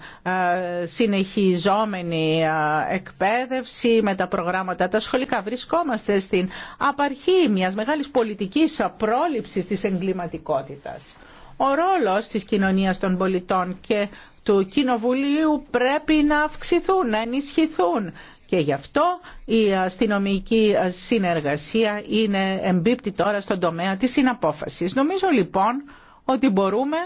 συνεχιζόμενη ε, εκπαίδευση, με τα προγράμματα τα σχολικά. Βρισκόμαστε στην απαρχή μιας μεγάλης πολιτικής πρόληψης της εγκληματικότητας. Ο ρόλος της κοινωνίας των πολιτών και του Κοινοβουλίου πρέπει να αυξηθούν, να ενισχυθούν και γι' αυτό η αστυνομική συνεργασία είναι εμπίπτη τώρα στον τομέα της συναπόφασης. Νομίζω λοιπόν ότι μπορούμε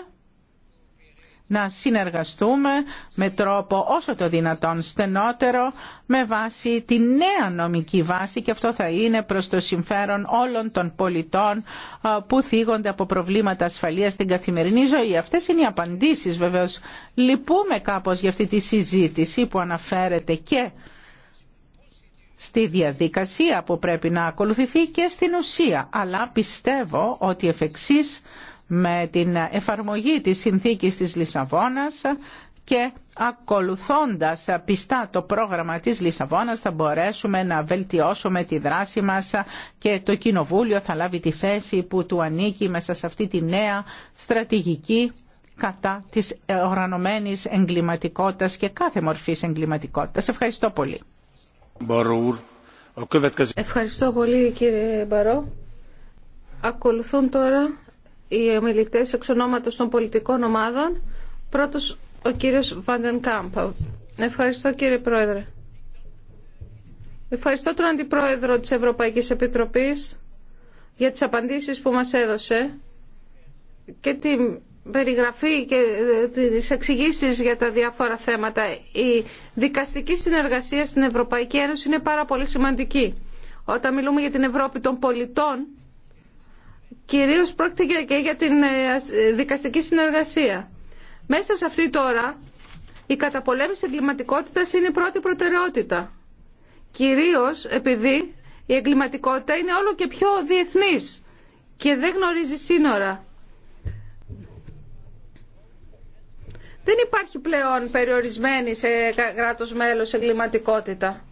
να συνεργαστούμε με τρόπο όσο το δυνατόν στενότερο με βάση τη νέα νομική βάση και αυτό θα είναι προς το συμφέρον όλων των πολιτών που θίγονται από προβλήματα ασφαλείας στην καθημερινή ζωή. Αυτές είναι οι απαντήσεις βεβαίως. Λυπούμε κάπως για αυτή τη συζήτηση που αναφέρεται και στη διαδικασία που πρέπει να ακολουθηθεί και στην ουσία. Αλλά πιστεύω ότι εφ' εξής, με την εφαρμογή της συνθήκης της Λισαβόνας και ακολουθώντας πιστά το πρόγραμμα της Λισαβόνας θα μπορέσουμε να βελτιώσουμε τη δράση μας και το Κοινοβούλιο θα λάβει τη θέση που του ανήκει μέσα σε αυτή τη νέα στρατηγική κατά της οργανωμένης εγκληματικότητας και κάθε μορφής εγκληματικότητας. Ευχαριστώ πολύ. Ευχαριστώ πολύ κύριε Μπαρό. Ακολουθούν τώρα οι ομιλητέ εξ ονόματος των πολιτικών ομάδων. Πρώτος ο κύριος Βάντεν Κάμπ. Ευχαριστώ κύριε Πρόεδρε. Ευχαριστώ τον Αντιπρόεδρο της Ευρωπαϊκής Επιτροπής για τις απαντήσεις που μας έδωσε και την περιγραφή και ε, τις εξηγήσει για τα διάφορα θέματα. Η δικαστική συνεργασία στην Ευρωπαϊκή Ένωση είναι πάρα πολύ σημαντική. Όταν μιλούμε για την Ευρώπη των πολιτών, κυρίως πρόκειται και για την ε, ε, δικαστική συνεργασία. Μέσα σε αυτή τώρα, η καταπολέμηση εγκληματικότητας είναι η πρώτη προτεραιότητα. Κυρίως επειδή η εγκληματικότητα είναι όλο και πιο διεθνής και δεν γνωρίζει σύνορα Δεν υπάρχει πλέον περιορισμένη σε κράτος μέλος εγκληματικότητα.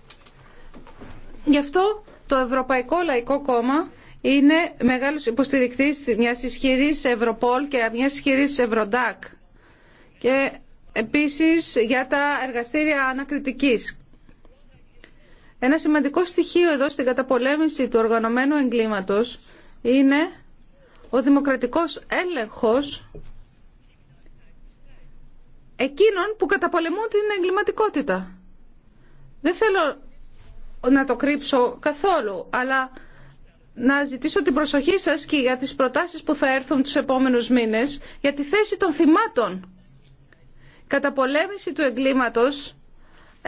Γι' αυτό το Ευρωπαϊκό Λαϊκό Κόμμα είναι μεγάλος υποστηρικτής μιας ισχυρής Ευρωπόλ και μιας ισχυρής Ευρωντάκ. Και επίσης για τα εργαστήρια ανακριτικής. Ένα σημαντικό στοιχείο εδώ στην καταπολέμηση του οργανωμένου εγκλήματος είναι ο δημοκρατικός έλεγχος εκείνων που καταπολεμούν την εγκληματικότητα. Δεν θέλω να το κρύψω καθόλου, αλλά να ζητήσω την προσοχή σας και για τις προτάσεις που θα έρθουν τους επόμενους μήνες για τη θέση των θυμάτων. Καταπολέμηση του εγκλήματος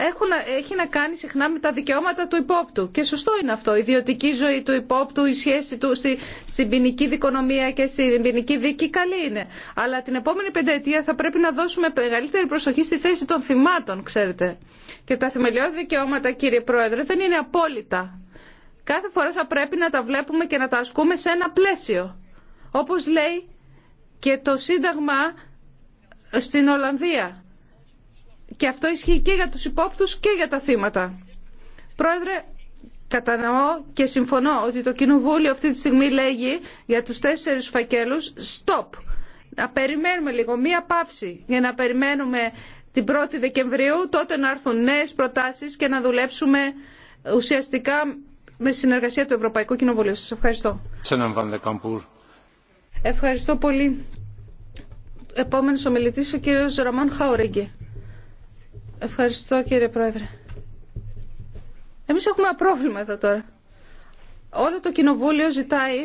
έχουν, έχει να κάνει συχνά με τα δικαιώματα του υπόπτου. Και σωστό είναι αυτό. Η ιδιωτική ζωή του υπόπτου, η σχέση του στη, στην ποινική δικονομία και στην ποινική δίκη καλή είναι. Αλλά την επόμενη πενταετία θα πρέπει να δώσουμε μεγαλύτερη προσοχή στη θέση των θυμάτων, ξέρετε. Και τα θεμελιώδη δικαιώματα, κύριε Πρόεδρε, δεν είναι απόλυτα. Κάθε φορά θα πρέπει να τα βλέπουμε και να τα ασκούμε σε ένα πλαίσιο. Όπως λέει και το Σύνταγμα στην Ολλανδία και αυτό ισχύει και για τους υπόπτους και για τα θύματα. Πρόεδρε, κατανοώ και συμφωνώ ότι το Κοινοβούλιο αυτή τη στιγμή λέγει για τους τέσσερις φακέλους stop. Να περιμένουμε λίγο, μία πάυση για να περιμένουμε την 1η Δεκεμβρίου, τότε να έρθουν νέες προτάσεις και να δουλέψουμε ουσιαστικά με συνεργασία του Ευρωπαϊκού Κοινοβουλίου. Σας ευχαριστώ. Ευχαριστώ πολύ. Επόμενος ομιλητής ο κύριος Ραμόν Χαουρίγκη. Ευχαριστώ κύριε Πρόεδρε. Εμείς έχουμε ένα πρόβλημα εδώ τώρα. Όλο το Κοινοβούλιο ζητάει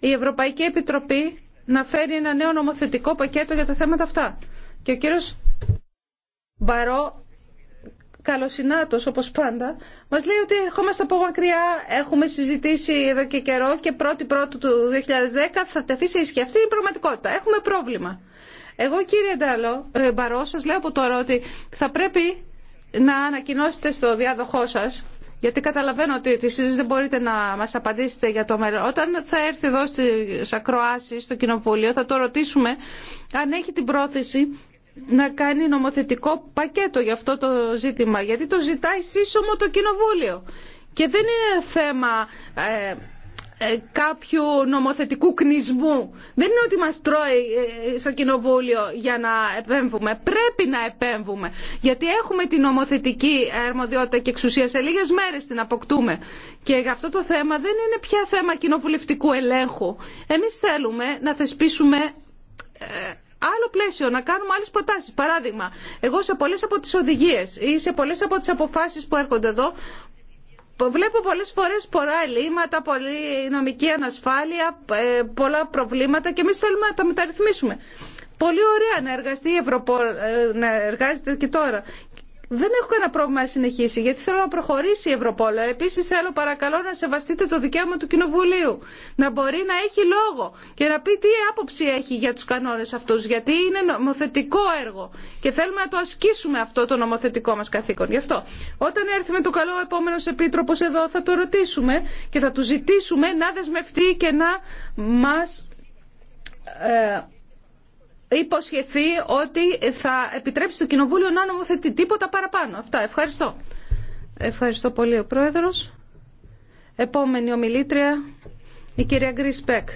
η Ευρωπαϊκή Επιτροπή να φέρει ένα νέο νομοθετικό πακέτο για τα θέματα αυτά. Και ο κύριος Μπαρό καλοσυνάτος όπως πάντα, μας λέει ότι ερχόμαστε από μακριά. Έχουμε συζητήσει εδώ και καιρό και πρώτη πρώτου του 2010 θα τεθεί σε ισχύ. Αυτή είναι η πραγματικότητα. Έχουμε πρόβλημα. Εγώ κύριε Ντάλο, ε, Μπαρό, σας λέω από τώρα ότι θα πρέπει να ανακοινώσετε στο διάδοχό σας γιατί καταλαβαίνω ότι εσεί δεν μπορείτε να μας απαντήσετε για το μέλλον. Όταν θα έρθει εδώ στι ακροάσει στο Κοινοβούλιο, θα το ρωτήσουμε αν έχει την πρόθεση να κάνει νομοθετικό πακέτο για αυτό το ζήτημα. Γιατί το ζητάει σύσσωμο το Κοινοβούλιο. Και δεν είναι θέμα... Ε, ε, κάποιου νομοθετικού κνισμού. Δεν είναι ότι μας τρώει ε, στο Κοινοβούλιο για να επέμβουμε. Πρέπει να επέμβουμε. Γιατί έχουμε την νομοθετική αρμοδιότητα και εξουσία. Σε λίγες μέρες την αποκτούμε. Και αυτό το θέμα δεν είναι πια θέμα κοινοβουλευτικού ελέγχου. Εμείς θέλουμε να θεσπίσουμε ε, άλλο πλαίσιο, να κάνουμε άλλε προτάσεις. Παράδειγμα, εγώ σε πολλέ από τις οδηγίες ή σε πολλέ από τις αποφάσεις που έρχονται εδώ Βλέπω πολλές φορές πολλά ελλείμματα, πολλή νομική ανασφάλεια, ε, πολλά προβλήματα και εμείς θέλουμε να τα μεταρρυθμίσουμε. Πολύ ωραία να εργαστεί η Ευρωπόλ, ε, να εργάζεται και τώρα δεν έχω κανένα πρόβλημα να συνεχίσει, γιατί θέλω να προχωρήσει η Ευρωπόλα. Επίση, θέλω παρακαλώ να σεβαστείτε το δικαίωμα του Κοινοβουλίου. Να μπορεί να έχει λόγο και να πει τι άποψη έχει για του κανόνε αυτού. Γιατί είναι νομοθετικό έργο και θέλουμε να το ασκήσουμε αυτό το νομοθετικό μα καθήκον. Γι' αυτό, όταν έρθει με το καλό επόμενο επίτροπο εδώ, θα το ρωτήσουμε και θα του ζητήσουμε να δεσμευτεί και να μα. Ε, υποσχεθεί ότι θα επιτρέψει το Κοινοβούλιο να νομοθετεί τίποτα παραπάνω. Αυτά. Ευχαριστώ. Ευχαριστώ πολύ ο Πρόεδρος. Επόμενη ομιλήτρια, η κυρία Πεκ.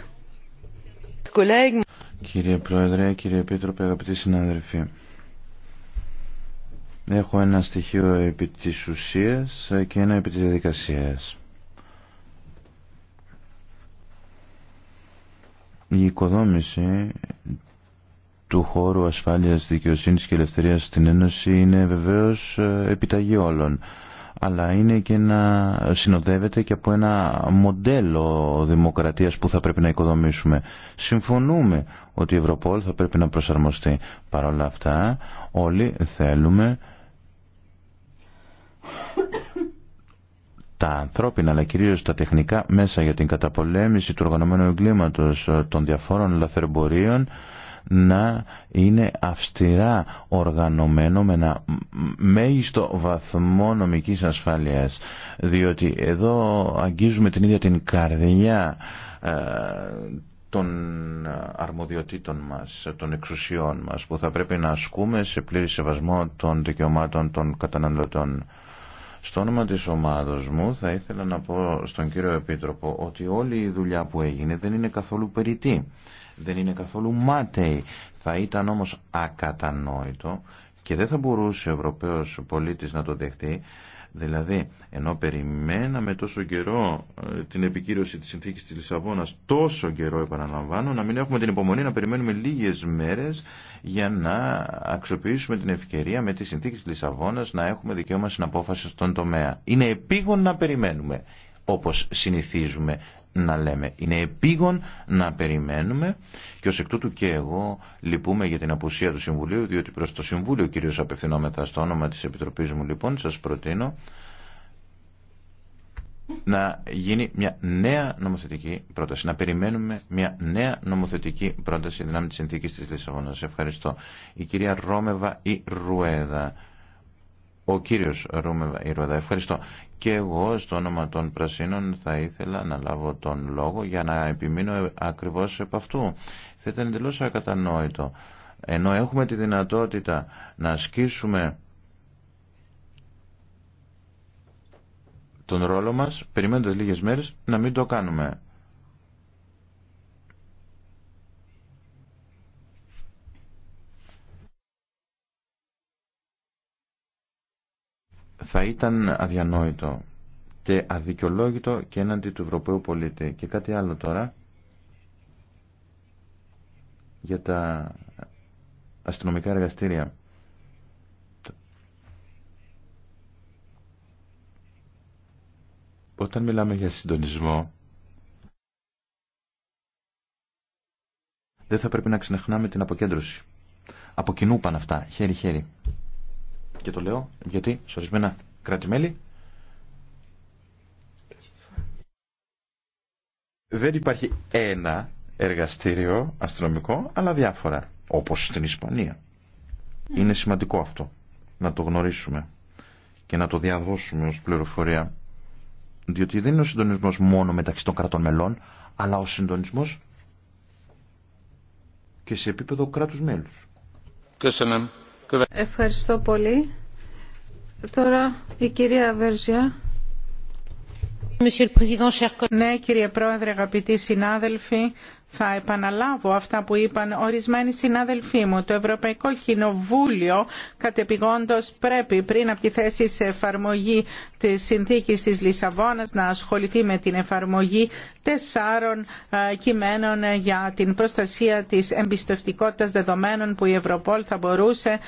Κύριε Πρόεδρε, κύριε Επίτροπε, αγαπητοί συνάδελφοι. Έχω ένα στοιχείο επί της ουσίας και ένα επί της διαδικασίας. Η οικοδόμηση του χώρου ασφάλειας, δικαιοσύνης και ελευθερίας στην Ένωση είναι βεβαίως ε, επιταγή όλων αλλά είναι και να συνοδεύεται και από ένα μοντέλο δημοκρατίας που θα πρέπει να οικοδομήσουμε. Συμφωνούμε ότι η Ευρωπόλ θα πρέπει να προσαρμοστεί. Παρ' όλα αυτά όλοι θέλουμε τα ανθρώπινα αλλά κυρίως τα τεχνικά μέσα για την καταπολέμηση του οργανωμένου εγκλήματος ε, των διαφόρων λαθερμπορίων να είναι αυστηρά οργανωμένο με ένα μέγιστο βαθμό νομικής ασφάλειας διότι εδώ αγγίζουμε την ίδια την καρδιά ε, των αρμοδιοτήτων μας, των εξουσιών μας που θα πρέπει να ασκούμε σε πλήρη σεβασμό των δικαιωμάτων των καταναλωτών. Στο όνομα της ομάδος μου θα ήθελα να πω στον κύριο Επίτροπο ότι όλη η δουλειά που έγινε δεν είναι καθόλου περιττή δεν είναι καθόλου μάταιοι. Θα ήταν όμως ακατανόητο και δεν θα μπορούσε ο Ευρωπαίος πολίτης να το δεχτεί Δηλαδή, ενώ περιμέναμε τόσο καιρό ε, την επικύρωση της συνθήκης της Λισαβόνας, τόσο καιρό επαναλαμβάνω, να μην έχουμε την υπομονή να περιμένουμε λίγες μέρες για να αξιοποιήσουμε την ευκαιρία με τη συνθήκη της Λισαβόνας να έχουμε δικαίωμα στην απόφαση στον τομέα. Είναι επίγον να περιμένουμε όπως συνηθίζουμε να λέμε. Είναι επίγον να περιμένουμε και ως εκ τούτου και εγώ λυπούμε για την απουσία του Συμβουλίου διότι προς το Συμβούλιο κυρίως απευθυνόμεθα στο όνομα της Επιτροπής μου λοιπόν σας προτείνω να γίνει μια νέα νομοθετική πρόταση. Να περιμένουμε μια νέα νομοθετική πρόταση δυνάμει της συνθήκης της Λισαβόνας. Ευχαριστώ. Η κυρία Ρόμεβα ή Ρουέδα. Ο κύριος Ρούμε Ιρουδα. ευχαριστώ. Και εγώ στο όνομα των Πρασίνων θα ήθελα να λάβω τον λόγο για να επιμείνω ακριβώς επ' αυτού. Θα ήταν εντελώ ακατανόητο. Ενώ έχουμε τη δυνατότητα να ασκήσουμε τον ρόλο μας, περιμένοντας λίγες μέρες, να μην το κάνουμε. θα ήταν αδιανόητο και αδικαιολόγητο και έναντι του Ευρωπαίου πολίτη. Και κάτι άλλο τώρα για τα αστυνομικά εργαστήρια. Όταν μιλάμε για συντονισμό, δεν θα πρέπει να ξεχνάμε την αποκέντρωση. Από κοινού πάνε αυτά, χέρι-χέρι. Και το λέω γιατί σε ορισμένα κράτη-μέλη δεν υπάρχει ένα εργαστήριο αστυνομικό, αλλά διάφορα, όπως στην Ισπανία. Mm. Είναι σημαντικό αυτό, να το γνωρίσουμε και να το διαδώσουμε ως πληροφορία, διότι δεν είναι ο συντονισμός μόνο μεταξύ των κρατών μελών, αλλά ο συντονισμός και σε επίπεδο κράτους μέλους. Ευχαριστώ πολύ. Τώρα η κυρία Βέρζια. Ναι, κύριε Πρόεδρε, αγαπητοί συνάδελφοι, θα επαναλάβω αυτά που είπαν ορισμένοι συνάδελφοί μου. Το Ευρωπαϊκό Κοινοβούλιο κατεπηγόντως πρέπει πριν από τη θέση σε εφαρμογή της συνθήκης της Λισαβόνας να ασχοληθεί με την εφαρμογή τεσσάρων ε, κειμένων ε, για την προστασία της εμπιστευτικότητας δεδομένων που η Ευρωπόλ θα μπορούσε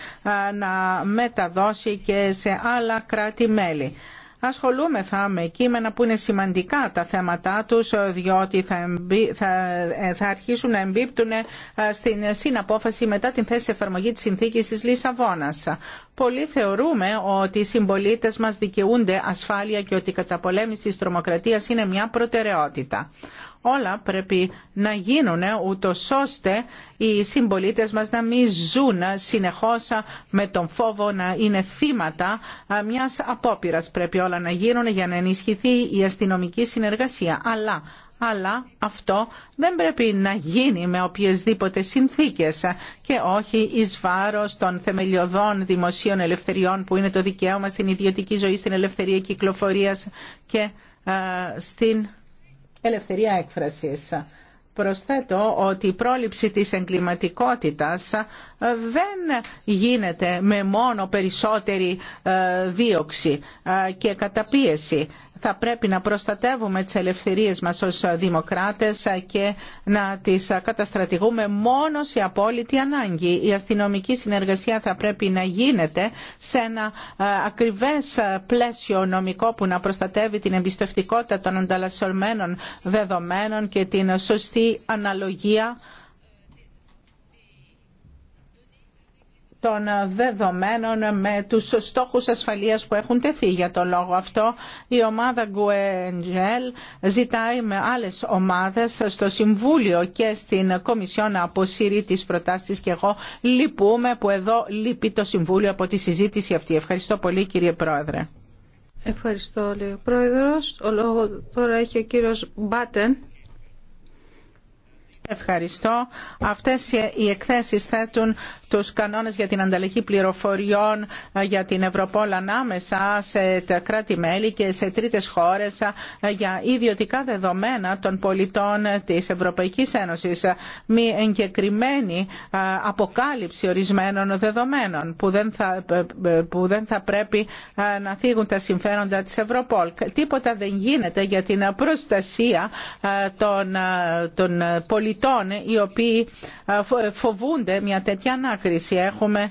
ε, να μεταδώσει και σε άλλα κράτη-μέλη ασχολούμεθα με κείμενα που είναι σημαντικά τα θέματα τους διότι θα, ε, θα... αρχίσουν να εμπίπτουν ε, στην συναπόφαση μετά την θέση εφαρμογή της συνθήκης της Λισαβόνας. Πολλοί θεωρούμε ότι οι συμπολίτες μας δικαιούνται ασφάλεια και ότι η καταπολέμηση της τρομοκρατίας είναι μια προτεραιότητα όλα πρέπει να γίνουν ούτω ώστε οι συμπολίτε μας να μην ζουν συνεχώ με τον φόβο να είναι θύματα μια απόπειρα. Πρέπει όλα να γίνουν για να ενισχυθεί η αστυνομική συνεργασία. Αλλά αλλά αυτό δεν πρέπει να γίνει με οποιασδήποτε συνθήκες και όχι εις βάρος των θεμελιωδών δημοσίων ελευθεριών που είναι το δικαίωμα στην ιδιωτική ζωή, στην ελευθερία κυκλοφορίας και ε, στην ελευθερία έκφρασης. Προσθέτω ότι η πρόληψη της εγκληματικότητας δεν γίνεται με μόνο περισσότερη ε, δίωξη ε, και καταπίεση θα πρέπει να προστατεύουμε τις ελευθερίες μας ως δημοκράτες και να τις καταστρατηγούμε μόνο σε απόλυτη ανάγκη. Η αστυνομική συνεργασία θα πρέπει να γίνεται σε ένα ε, ακριβές πλαίσιο νομικό που να προστατεύει την εμπιστευτικότητα των ανταλλασσορμένων δεδομένων και την σωστή αναλογία των δεδομένων με τους στόχους ασφαλείας που έχουν τεθεί. Για το λόγο αυτό η ομάδα Γκουέντζελ ζητάει με άλλες ομάδες στο Συμβούλιο και στην Κομισιό να αποσύρει τις προτάσεις και εγώ λυπούμε που εδώ λείπει το Συμβούλιο από τη συζήτηση αυτή. Ευχαριστώ πολύ κύριε Πρόεδρε. Ευχαριστώ όλοι. ο Πρόεδρος. Ο λόγο τώρα έχει ο κύριος Μπάτεν. Ευχαριστώ. Αυτές οι εκθέσεις θέτουν τους κανόνες για την ανταλλαγή πληροφοριών ε, για την Ευρωπόλ ανάμεσα σε τα κράτη-μέλη και σε τρίτες χώρες ε, για ιδιωτικά δεδομένα των πολιτών της Ευρωπαϊκής Ένωσης. Μη εγκεκριμένη ε, αποκάλυψη ορισμένων δεδομένων που δεν θα, που δεν θα πρέπει να θίγουν τα συμφέροντα της Ευρωπόλ. Τίποτα δεν γίνεται για την προστασία των, των πολιτών οι οποίοι φοβούνται μια τέτοια ανάγκη. Έχουμε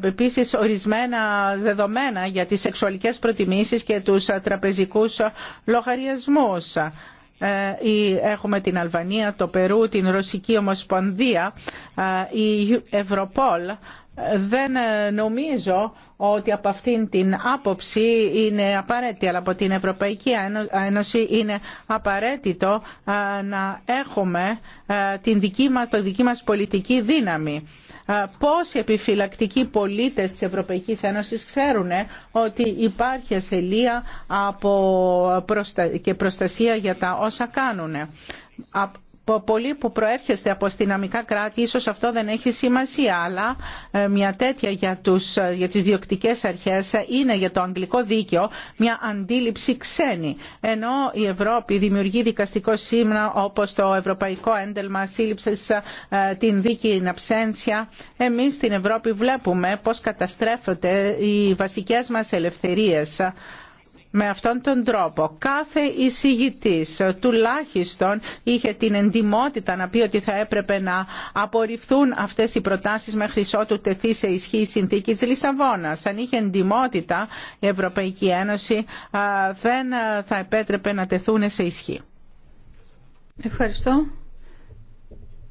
επίσης ορισμένα δεδομένα για τις σεξουαλικές προτιμήσεις και τους τραπεζικούς λογαριασμούς. Ε, έχουμε την Αλβανία, το Περού, την Ρωσική Ομοσπονδία, ε, η Ευρωπόλ. Ε, δεν νομίζω ότι από αυτήν την άποψη είναι απαραίτητη, αλλά από την Ευρωπαϊκή Ένωση είναι απαραίτητο να έχουμε την δική μας, το δική μας πολιτική δύναμη. οι επιφυλακτικοί πολίτες της Ευρωπαϊκής Ένωσης ξέρουν ε, ότι υπάρχει ασελία από και προστασία για τα όσα κάνουν. Πολλοί που προέρχεστε από αστυνομικά κράτη, ίσως αυτό δεν έχει σημασία, αλλά ε, μια τέτοια για, τους, ε, για τις διοκτικές αρχές ε, είναι για το αγγλικό δίκαιο μια αντίληψη ξένη. Ενώ η Ευρώπη δημιουργεί δικαστικό σήμα όπως το Ευρωπαϊκό Έντελμα Σύλληψης την δίκη in absentia, εμείς στην Ευρώπη βλέπουμε πώς καταστρέφονται οι βασικές μας ελευθερίες με αυτόν τον τρόπο. Κάθε εισηγητής ε, τουλάχιστον είχε την εντιμότητα να πει ότι θα έπρεπε να απορριφθούν αυτές οι προτάσεις μέχρι ότου τεθεί σε ισχύ η συνθήκη της Λισαβόνας. Αν είχε εντιμότητα η Ευρωπαϊκή Ένωση δεν ε, θα επέτρεπε να τεθούν σε ισχύ. Ευχαριστώ.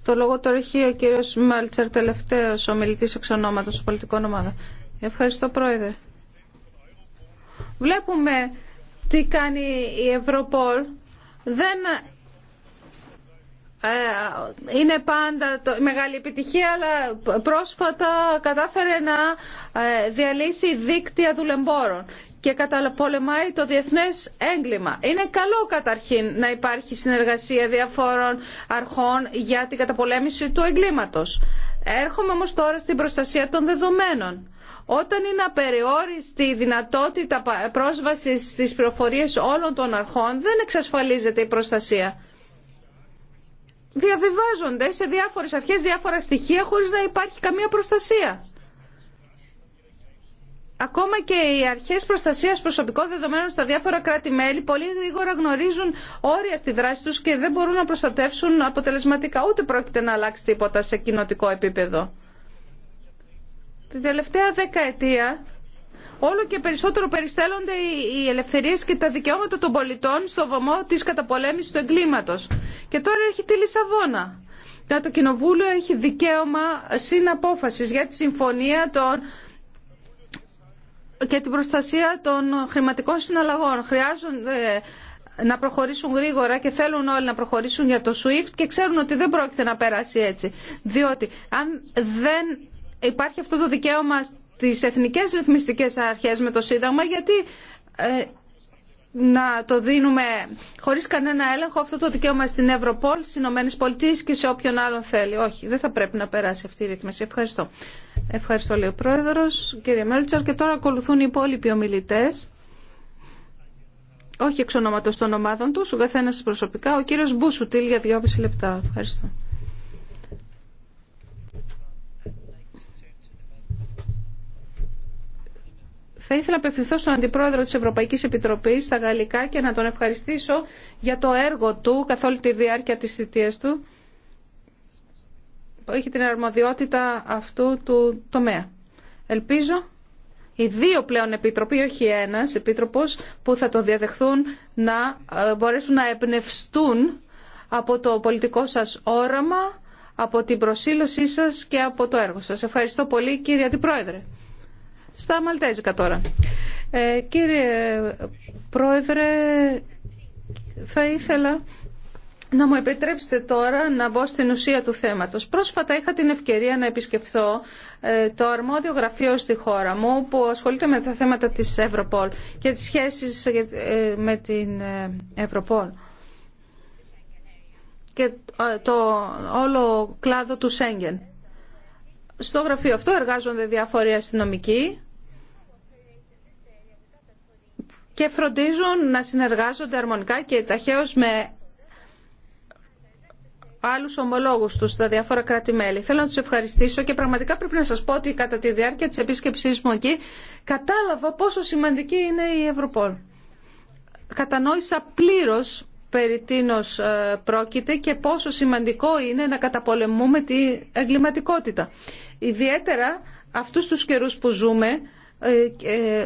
Το λόγο τώρα έχει ο κύριος Μάλτσερ, τελευταίος ομιλητής εξ ονόματος πολιτικών ομάδα. Ευχαριστώ, Πρόεδρε. Βλέπουμε τι κάνει η Ευρωπόλ. Δεν ε, είναι πάντα μεγάλη επιτυχία, αλλά πρόσφατα κατάφερε να ε, διαλύσει δίκτυα δουλεμπόρων και καταπολεμάει το διεθνές έγκλημα. Είναι καλό καταρχήν να υπάρχει συνεργασία διαφόρων αρχών για την καταπολέμηση του εγκλήματος. Έρχομαι όμως τώρα στην προστασία των δεδομένων. Όταν είναι απεριόριστη η δυνατότητα πρόσβασης στις πληροφορίες όλων των αρχών, δεν εξασφαλίζεται η προστασία. Διαβιβάζονται σε διάφορες αρχές διάφορα στοιχεία χωρίς να υπάρχει καμία προστασία. Ακόμα και οι αρχές προστασίας προσωπικών δεδομένων στα διάφορα κράτη-μέλη πολύ γρήγορα γνωρίζουν όρια στη δράση τους και δεν μπορούν να προστατεύσουν αποτελεσματικά. Ούτε πρόκειται να αλλάξει τίποτα σε κοινοτικό επίπεδο την τελευταία δεκαετία όλο και περισσότερο περιστέλλονται οι ελευθερίες και τα δικαιώματα των πολιτών στο βωμό της καταπολέμησης του εγκλήματος. Και τώρα έρχεται η Λισαβόνα. Το Κοινοβούλιο έχει δικαίωμα συναπόφασης για τη συμφωνία των και την προστασία των χρηματικών συναλλαγών. Χρειάζονται ε, να προχωρήσουν γρήγορα και θέλουν όλοι να προχωρήσουν για το SWIFT και ξέρουν ότι δεν πρόκειται να περάσει έτσι. Διότι αν δεν υπάρχει αυτό το δικαίωμα στις εθνικές ρυθμιστικές αρχές με το Σύνταγμα γιατί ε, να το δίνουμε χωρίς κανένα έλεγχο αυτό το δικαίωμα στην Ευρωπόλ, στις Ηνωμένες Πολιτείες και σε όποιον άλλον θέλει. Όχι, δεν θα πρέπει να περάσει αυτή η ρύθμιση. Ευχαριστώ. Ευχαριστώ λέει ο Πρόεδρος, κύριε Μέλτσορ και τώρα ακολουθούν οι υπόλοιποι ομιλητέ. Όχι εξ ονόματος των ομάδων τους, ο καθένας προσωπικά. Ο κύριος Μπούσουτήλ για δυόμιση λεπτά. Ευχαριστώ. Θα ήθελα να απευθυνθώ στον Αντιπρόεδρο της Ευρωπαϊκής Επιτροπής στα γαλλικά και να τον ευχαριστήσω για το έργο του καθ' όλη τη διάρκεια της θητείας του που έχει την αρμοδιότητα αυτού του τομέα. Ελπίζω οι δύο πλέον επίτροποι, όχι ένας επίτροπος που θα τον διαδεχθούν να ε, μπορέσουν να εμπνευστούν από το πολιτικό σα όραμα, από την προσήλωσή σα και από το έργο σα. Ευχαριστώ πολύ κύριε Αντιπρόεδρε. Στα Μαλτέζικα τώρα. Ε, κύριε Πρόεδρε, θα ήθελα να μου επιτρέψετε τώρα να μπω στην ουσία του θέματος. Πρόσφατα είχα την ευκαιρία να επισκεφθώ ε, το αρμόδιο γραφείο στη χώρα μου που ασχολείται με τα θέματα της Ευρωπόλ και τις σχέσεις ε, με την Ευρωπόλ και το όλο κλάδο του Σέγγεν. Στο γραφείο αυτό εργάζονται διάφοροι αστυνομικοί και φροντίζουν να συνεργάζονται αρμονικά και ταχαίως με άλλου ομολόγου του στα διάφορα κράτη-μέλη. Θέλω να του ευχαριστήσω και πραγματικά πρέπει να σα πω ότι κατά τη διάρκεια τη επίσκεψή μου εκεί κατάλαβα πόσο σημαντική είναι η Ευρωπόλ. Κατανόησα πλήρω περί τίνος ε, πρόκειται και πόσο σημαντικό είναι να καταπολεμούμε την εγκληματικότητα. Ιδιαίτερα αυτούς τους καιρούς που ζούμε ε, ε,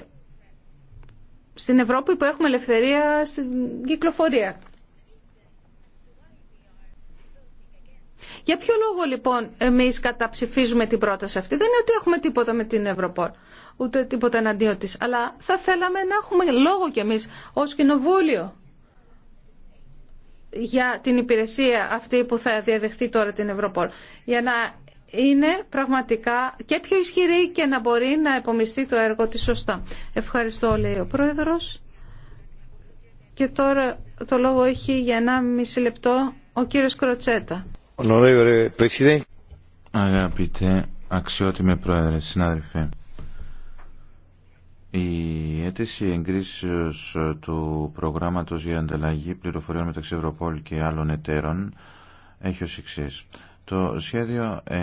στην Ευρώπη που έχουμε ελευθερία στην κυκλοφορία. Για ποιο λόγο λοιπόν εμείς καταψηφίζουμε την πρόταση αυτή. Δεν είναι ότι έχουμε τίποτα με την Ευρωπόρ ούτε τίποτα εναντίον της. Αλλά θα θέλαμε να έχουμε λόγο κι εμείς ως κοινοβούλιο για την υπηρεσία αυτή που θα διαδεχθεί τώρα την Ευρωπόρ Για να είναι πραγματικά και πιο ισχυρή και να μπορεί να επομιστεί το έργο της σωστά. Ευχαριστώ, λέει ο Πρόεδρος. Και τώρα το λόγο έχει για μισή λεπτό ο κύριος Κροτσέτα. Αγαπητέ αξιότιμε Πρόεδρε, συνάδελφε, η αίτηση εγκρίσεως του προγράμματος για ανταλλαγή πληροφοριών μεταξύ Ευρωπόλ και άλλων εταίρων έχει ως εξής. Το σχέδιο, ε,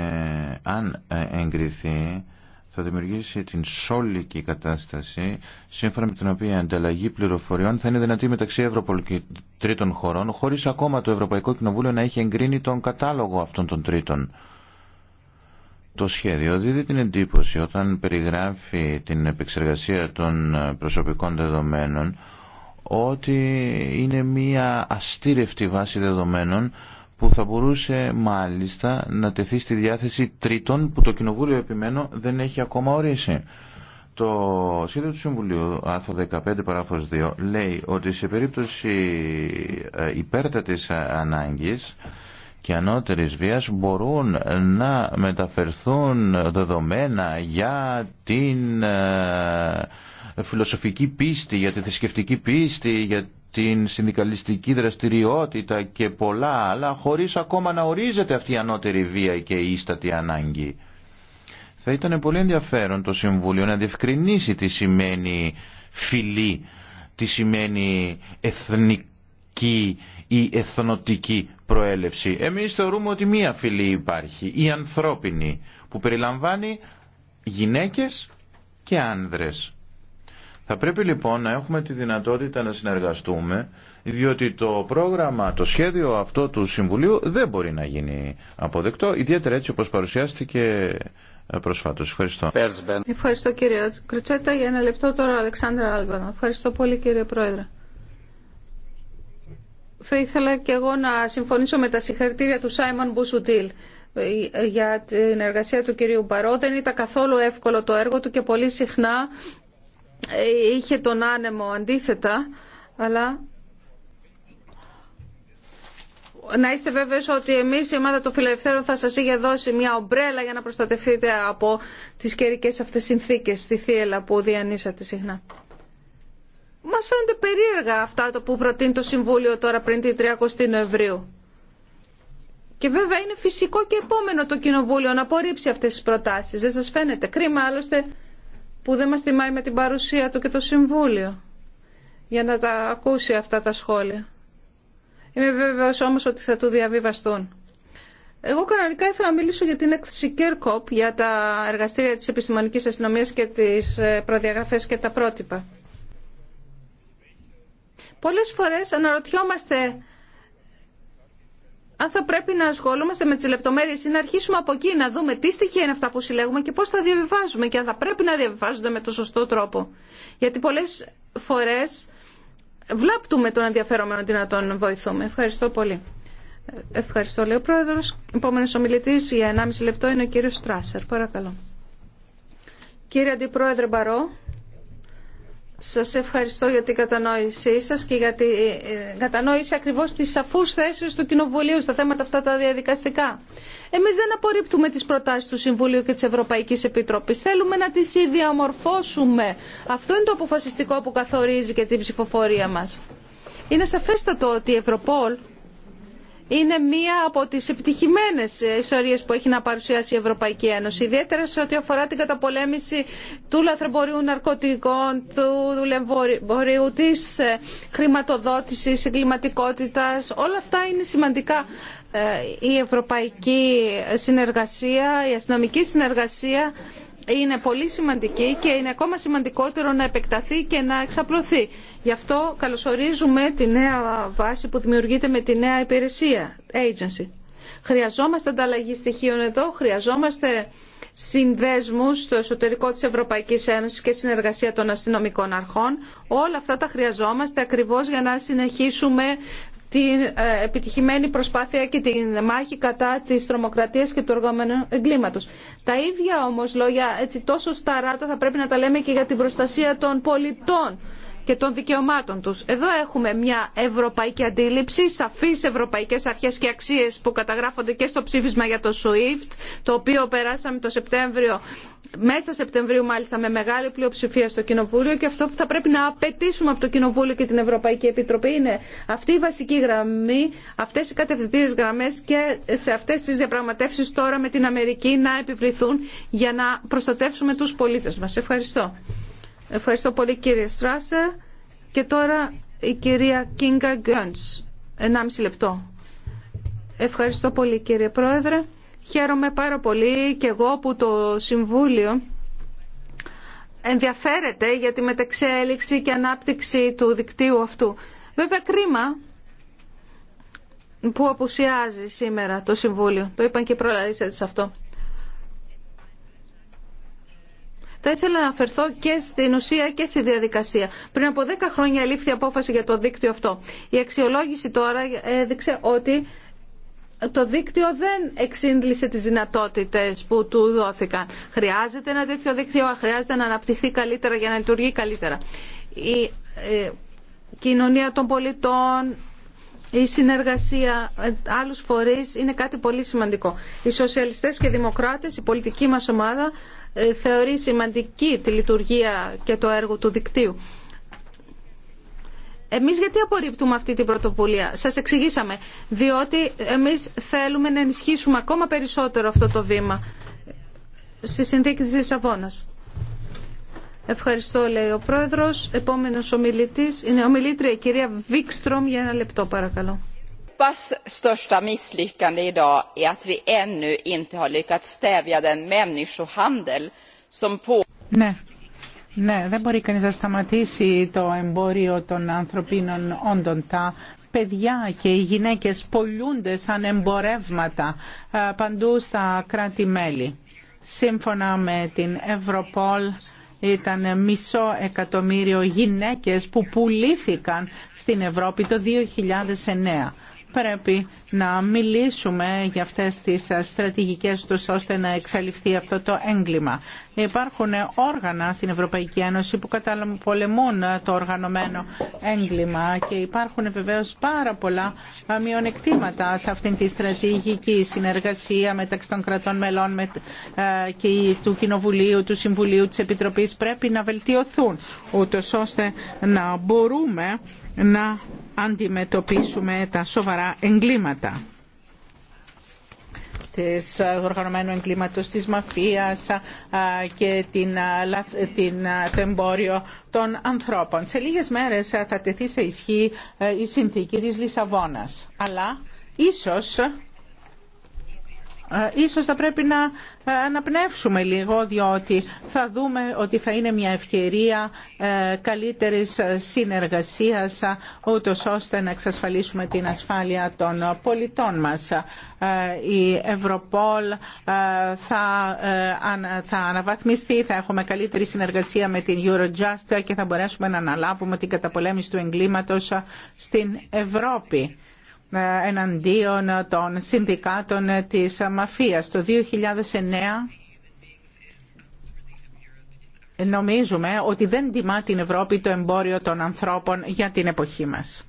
αν ε, εγκριθεί, θα δημιουργήσει την σόλικη κατάσταση σύμφωνα με την οποία η ανταλλαγή πληροφοριών θα είναι δυνατή μεταξύ ευρωπολική και τρίτων χωρών χωρίς ακόμα το Ευρωπαϊκό Κοινοβούλιο να έχει εγκρίνει τον κατάλογο αυτών των τρίτων. Το σχέδιο δίδει την εντύπωση όταν περιγράφει την επεξεργασία των προσωπικών δεδομένων ότι είναι μια αστήρευτη βάση δεδομένων που θα μπορούσε μάλιστα να τεθεί στη διάθεση τρίτων που το Κοινοβούλιο επιμένω δεν έχει ακόμα ορίσει. Το σχέδιο του Συμβουλίου, άρθρο 15 παράγραφος 2, λέει ότι σε περίπτωση ε, υπέρτατης ανάγκης και ανώτερης βίας μπορούν να μεταφερθούν δεδομένα για την ε, φιλοσοφική πίστη, για τη θρησκευτική πίστη, για την συνδικαλιστική δραστηριότητα και πολλά άλλα χωρίς ακόμα να ορίζεται αυτή η ανώτερη βία και η ίστατη ανάγκη. Θα ήταν πολύ ενδιαφέρον το Συμβούλιο να διευκρινίσει τι σημαίνει φιλή, τι σημαίνει εθνική ή εθνοτική προέλευση. Εμείς θεωρούμε ότι μία φιλή υπάρχει, η ανθρώπινη, που περιλαμβάνει γυναίκες και άνδρες. Θα πρέπει λοιπόν να έχουμε τη δυνατότητα να συνεργαστούμε, διότι το πρόγραμμα, το σχέδιο αυτό του Συμβουλίου δεν μπορεί να γίνει αποδεκτό, ιδιαίτερα έτσι όπως παρουσιάστηκε ε, προσφάτως. Ευχαριστώ. Ευχαριστώ κύριε Κρουτσέτα. Για ένα λεπτό τώρα Αλεξάνδρα Άλβανο. Ευχαριστώ πολύ κύριε Πρόεδρε. Θα ήθελα και εγώ να συμφωνήσω με τα συγχαρητήρια του Σάιμον Μπουσουτήλ ε, για την εργασία του κυρίου Μπαρό. Δεν ήταν καθόλου εύκολο το έργο του και πολύ συχνά είχε τον άνεμο αντίθετα, αλλά να είστε βέβαιοι ότι εμεί η ομάδα των Φιλελευθέρων θα σα είχε δώσει μια ομπρέλα για να προστατευτείτε από τι καιρικέ αυτέ συνθήκε στη θύελα που διανύσατε συχνά. Μα φαίνονται περίεργα αυτά το που προτείνει το Συμβούλιο τώρα πριν την 30η Νοεμβρίου. Και βέβαια είναι φυσικό και επόμενο το Κοινοβούλιο να απορρίψει αυτέ τι προτάσει. Δεν σα φαίνεται κρίμα άλλωστε που δεν μας τιμάει με την παρουσία του και το Συμβούλιο για να τα ακούσει αυτά τα σχόλια. Είμαι βέβαιος όμως ότι θα του διαβιβαστούν. Εγώ κανονικά ήθελα να μιλήσω για την έκθεση Κέρκοπ για τα εργαστήρια της επιστημονικής αστυνομίας και τις ε, προδιαγραφές και τα πρότυπα. Πολλές φορές αναρωτιόμαστε αν θα πρέπει να ασχολούμαστε με τις λεπτομέρειες ή να αρχίσουμε από εκεί να δούμε τι στοιχεία είναι αυτά που συλλέγουμε και πώς θα διαβιβάζουμε και αν θα πρέπει να διαβιβάζονται με το σωστό τρόπο. Γιατί πολλέ φορές βλάπτουμε τον ενδιαφερόμενο ότι να τον βοηθούμε. Ευχαριστώ πολύ. Ευχαριστώ, λέει ο Πρόεδρος. Επόμενο ομιλητής για 1,5 λεπτό είναι ο κύριο Στράσερ. Παρακαλώ. Κύριε Αντιπρόεδρε Μπαρό, σας ευχαριστώ για την κατανόησή σας και για την ε, κατανόηση ακριβώς τη σαφούς θέσεις του Κοινοβουλίου στα θέματα αυτά τα διαδικαστικά. Εμείς δεν απορρίπτουμε τις προτάσεις του Συμβουλίου και της Ευρωπαϊκής Επιτροπής. Θέλουμε να τις διαμορφώσουμε. Αυτό είναι το αποφασιστικό που καθορίζει και την ψηφοφορία μας. Είναι σαφέστατο ότι η Ευρωπόλ είναι μία από τις επιτυχημένε ιστορίε που έχει να παρουσιάσει η Ευρωπαϊκή Ένωση, ιδιαίτερα σε ό,τι αφορά την καταπολέμηση του λαθρεμπορίου ναρκωτικών, του δουλεμπορίου, της ε, χρηματοδότησης, εγκληματικότητα. Όλα αυτά είναι σημαντικά. Ε, η ευρωπαϊκή συνεργασία, η αστυνομική συνεργασία είναι πολύ σημαντική και είναι ακόμα σημαντικότερο να επεκταθεί και να εξαπλωθεί. Γι' αυτό καλωσορίζουμε τη νέα βάση που δημιουργείται με τη νέα υπηρεσία, agency. Χρειαζόμαστε ανταλλαγή στοιχείων εδώ, χρειαζόμαστε συνδέσμους στο εσωτερικό της Ευρωπαϊκής Ένωσης και συνεργασία των αστυνομικών αρχών. Όλα αυτά τα χρειαζόμαστε ακριβώς για να συνεχίσουμε την ε, επιτυχημένη προσπάθεια και τη μάχη κατά της τρομοκρατίας και του οργανωμένου εγκλήματος. Τα ίδια όμως λόγια έτσι τόσο σταράτα θα πρέπει να τα λέμε και για την προστασία των πολιτών και των δικαιωμάτων τους. Εδώ έχουμε μια ευρωπαϊκή αντίληψη, σαφείς ευρωπαϊκές αρχές και αξίες που καταγράφονται και στο ψήφισμα για το SWIFT, το οποίο περάσαμε το Σεπτέμβριο, μέσα Σεπτεμβρίου μάλιστα, με μεγάλη πλειοψηφία στο Κοινοβούλιο και αυτό που θα πρέπει να απαιτήσουμε από το Κοινοβούλιο και την Ευρωπαϊκή Επιτροπή είναι αυτή η βασική γραμμή, αυτές οι κατευθυντήριες γραμμές και σε αυτές τις διαπραγματεύσεις τώρα με την Αμερική να επιβληθούν για να προστατεύσουμε τους πολίτες μας. Ευχαριστώ. Ευχαριστώ πολύ κύριε Στράσερ. Και τώρα η κυρία Κίνγκα Γκέντς. Ενάμιση λεπτό. Ευχαριστώ πολύ κύριε Πρόεδρε. Χαίρομαι πάρα πολύ και εγώ που το Συμβούλιο ενδιαφέρεται για τη μετεξέλιξη και ανάπτυξη του δικτύου αυτού. Βέβαια κρίμα που απουσιάζει σήμερα το Συμβούλιο. Το είπαν και οι σε αυτό. Θα ήθελα να αφαιρθώ και στην ουσία και στη διαδικασία. Πριν από 10 χρόνια λήφθη απόφαση για το δίκτυο αυτό. Η αξιολόγηση τώρα έδειξε ότι το δίκτυο δεν εξύντλησε τις δυνατότητες που του δόθηκαν. Χρειάζεται ένα τέτοιο δίκτυο, χρειάζεται να αναπτυχθεί καλύτερα για να λειτουργεί καλύτερα. Η ε, κοινωνία των πολιτών, η συνεργασία ε, άλλους φορείς είναι κάτι πολύ σημαντικό. Οι σοσιαλιστές και οι δημοκράτες, η πολιτική μας ομάδα ε, θεωρεί σημαντική τη λειτουργία και το έργο του δικτύου. Εμείς γιατί απορρίπτουμε αυτή την πρωτοβουλία. Σας εξηγήσαμε. Διότι εμείς θέλουμε να ενισχύσουμε ακόμα περισσότερο αυτό το βήμα στη συνθήκη της Λισαβόνας. Ευχαριστώ, λέει ο Πρόεδρος. Επόμενος ομιλητής είναι ομιλήτρια η κυρία Βίκστρομ για ένα λεπτό, παρακαλώ största är att vi ännu inte har lyckats den ναι. ναι, δεν μπορεί κανείς να σταματήσει το εμπόριο των ανθρωπίνων όντων. Τα παιδιά και οι γυναίκες πολλούνται σαν εμπορεύματα ε, παντού στα κράτη-μέλη. Σύμφωνα με την Ευρωπόλ ήταν μισό εκατομμύριο γυναίκες που πουλήθηκαν στην Ευρώπη το 2009 πρέπει να μιλήσουμε για αυτές τις στρατηγικές τους ώστε να εξαλειφθεί αυτό το έγκλημα. Υπάρχουν όργανα στην Ευρωπαϊκή Ένωση που πολεμούν το οργανωμένο έγκλημα και υπάρχουν βεβαίως πάρα πολλά μειονεκτήματα σε αυτήν τη στρατηγική συνεργασία μεταξύ των κρατών μελών ε, και του Κοινοβουλίου, του Συμβουλίου, της Επιτροπής πρέπει να βελτιωθούν ούτως ώστε να μπορούμε να αντιμετωπίσουμε τα σοβαρά εγκλήματα της ε, οργανωμένου εγκλήματος, της μαφίας ε, ε, και την, την, το εμπόριο των ανθρώπων. Σε λίγες μέρες θα τεθεί σε ισχύ η συνθήκη της Λισαβόνας. Αλλά ίσως ε, ίσως θα πρέπει να ε, αναπνεύσουμε λίγο, διότι θα δούμε ότι θα είναι μια ευκαιρία ε, καλύτερης συνεργασίας, ούτω ώστε να εξασφαλίσουμε την ασφάλεια των πολιτών μας. Η Ευρωπόλ θα, θα αναβαθμιστεί, θα έχουμε καλύτερη συνεργασία με την Eurojust και θα μπορέσουμε να αναλάβουμε την καταπολέμηση του εγκλήματος στην Ευρώπη ε, εναντίον των συνδικάτων της μαφίας. Το 2009 νομίζουμε ότι δεν τιμά την Ευρώπη το εμπόριο των ανθρώπων για την εποχή μας.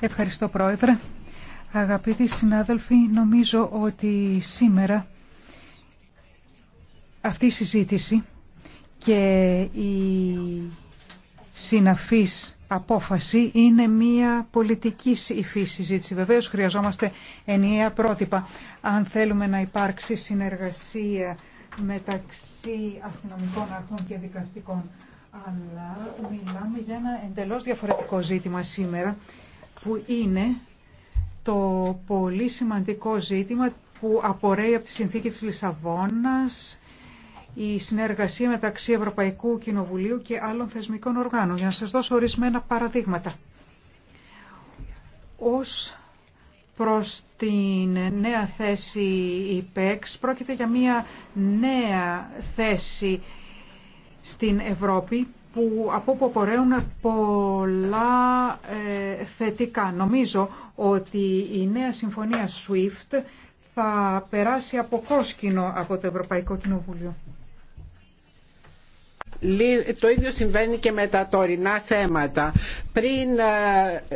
Ευχαριστώ Πρόεδρε. Αγαπητοί συνάδελφοι, νομίζω ότι σήμερα αυτή η συζήτηση και η συναφής απόφαση είναι μία πολιτική υφή συζήτηση. Βεβαίω. χρειαζόμαστε ενιαία πρότυπα αν θέλουμε να υπάρξει συνεργασία μεταξύ αστυνομικών αρχών και δικαστικών. Αλλά μιλάμε για ένα εντελώς διαφορετικό ζήτημα σήμερα που είναι το πολύ σημαντικό ζήτημα που απορρέει από τη συνθήκη της Λισαβόνας η συνεργασία μεταξύ Ευρωπαϊκού Κοινοβουλίου και άλλων θεσμικών οργάνων. Για να σας δώσω ορισμένα παραδείγματα. Ως προς την νέα θέση ΠΕΚΣ πρόκειται για μια νέα θέση στην Ευρώπη που, από όπου απορρέουν πολλά ε, θετικά. Νομίζω ότι η νέα συμφωνία SWIFT θα περάσει από κόσκινο από το Ευρωπαϊκό Κοινοβούλιο. Το ίδιο συμβαίνει και με τα τωρινά θέματα. Πριν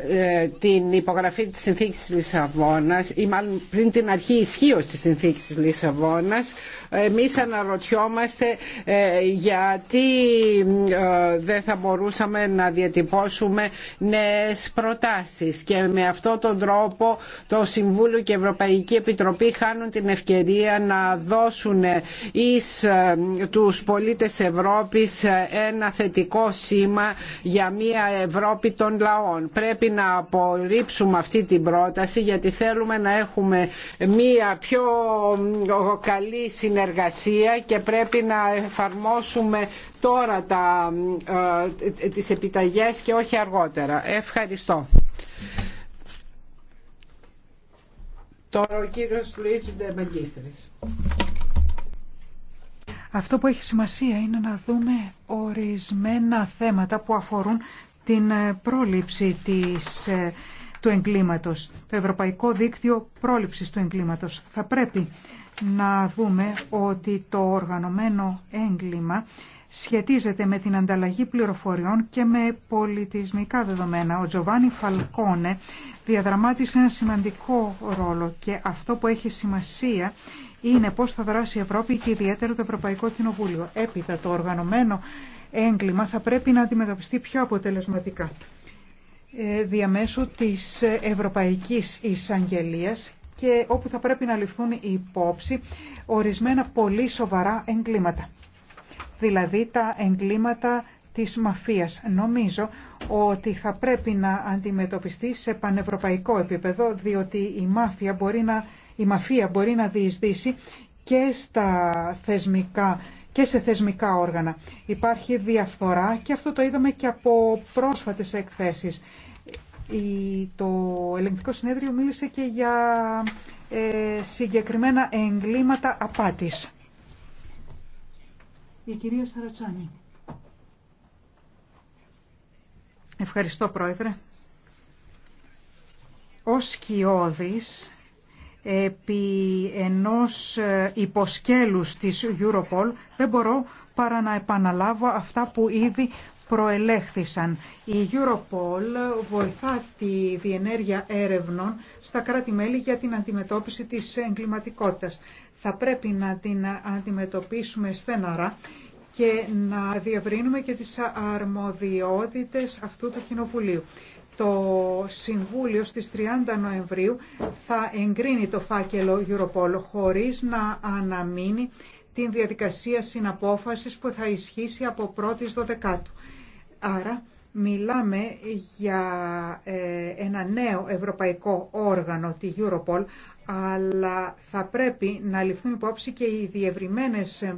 ε, ε, την υπογραφή της συνθήκης Λισαβόνας ή μάλλον πριν την αρχή ισχύω της συνθήκης της Λισαβόνας εμείς αναρωτιόμαστε ε, γιατί ε, δεν θα μπορούσαμε να διατυπώσουμε νέες προτάσεις και με αυτόν τον τρόπο το Συμβούλιο και η Ευρωπαϊκή Επιτροπή χάνουν την ευκαιρία να δώσουν εις ε, τους πολίτες Ευρώπης ένα θετικό σήμα για μια Ευρώπη των λαών. Πρέπει να απορρίψουμε αυτή την πρόταση γιατί θέλουμε να έχουμε μια πιο καλή συνεργασία συνεργασία και πρέπει να εφαρμόσουμε τώρα τα, ε, τις επιταγές και όχι αργότερα. Ευχαριστώ. Τώρα ο κύριος Αυτό που έχει σημασία είναι να δούμε ορισμένα θέματα που αφορούν την ε, πρόληψη της, ε, του εγκλήματος, το Ευρωπαϊκό Δίκτυο Πρόληψης του Εγκλήματος. Θα πρέπει να δούμε ότι το οργανωμένο έγκλημα σχετίζεται με την ανταλλαγή πληροφοριών και με πολιτισμικά δεδομένα. Ο Τζοβάνι Φαλκόνε διαδραμάτισε ένα σημαντικό ρόλο και αυτό που έχει σημασία είναι πώς θα δράσει η Ευρώπη και ιδιαίτερα το Ευρωπαϊκό Κοινοβούλιο. Έπειτα το οργανωμένο έγκλημα θα πρέπει να αντιμετωπιστεί πιο αποτελεσματικά ε, διαμέσου της Ευρωπαϊκής Εισαγγελίας και όπου θα πρέπει να ληφθούν υπόψη ορισμένα πολύ σοβαρά εγκλήματα. Δηλαδή τα εγκλήματα της μαφίας. Νομίζω ότι θα πρέπει να αντιμετωπιστεί σε πανευρωπαϊκό επίπεδο, διότι η μαφία μπορεί να, η μαφία να διεισδύσει και, στα θεσμικά, και σε θεσμικά όργανα. Υπάρχει διαφθορά και αυτό το είδαμε και από πρόσφατες εκθέσεις το ελεγκτικό συνέδριο μίλησε και για ε, συγκεκριμένα εγκλήματα απάτης. Η κυρία Σαρατσάνη. Ευχαριστώ Πρόεδρε. Ο Σκιώδης επί ενός ε, υποσκέλους της Europol δεν μπορώ παρά να επαναλάβω αυτά που ήδη προελέχθησαν. Η Europol βοηθά τη διενέργεια έρευνων στα κράτη-μέλη για την αντιμετώπιση της εγκληματικότητας. Θα πρέπει να την αντιμετωπίσουμε στέναρα και να διευρύνουμε και τις αρμοδιότητες αυτού του Κοινοβουλίου. Το Συμβούλιο στις 30 Νοεμβρίου θα εγκρίνει το φάκελο Europol χωρίς να αναμείνει την διαδικασία συναπόφασης που θα ισχύσει από 1η Άρα μιλάμε για ε, ένα νέο ευρωπαϊκό όργανο, τη Europol, αλλά θα πρέπει να ληφθούν υπόψη και οι διευρυμένες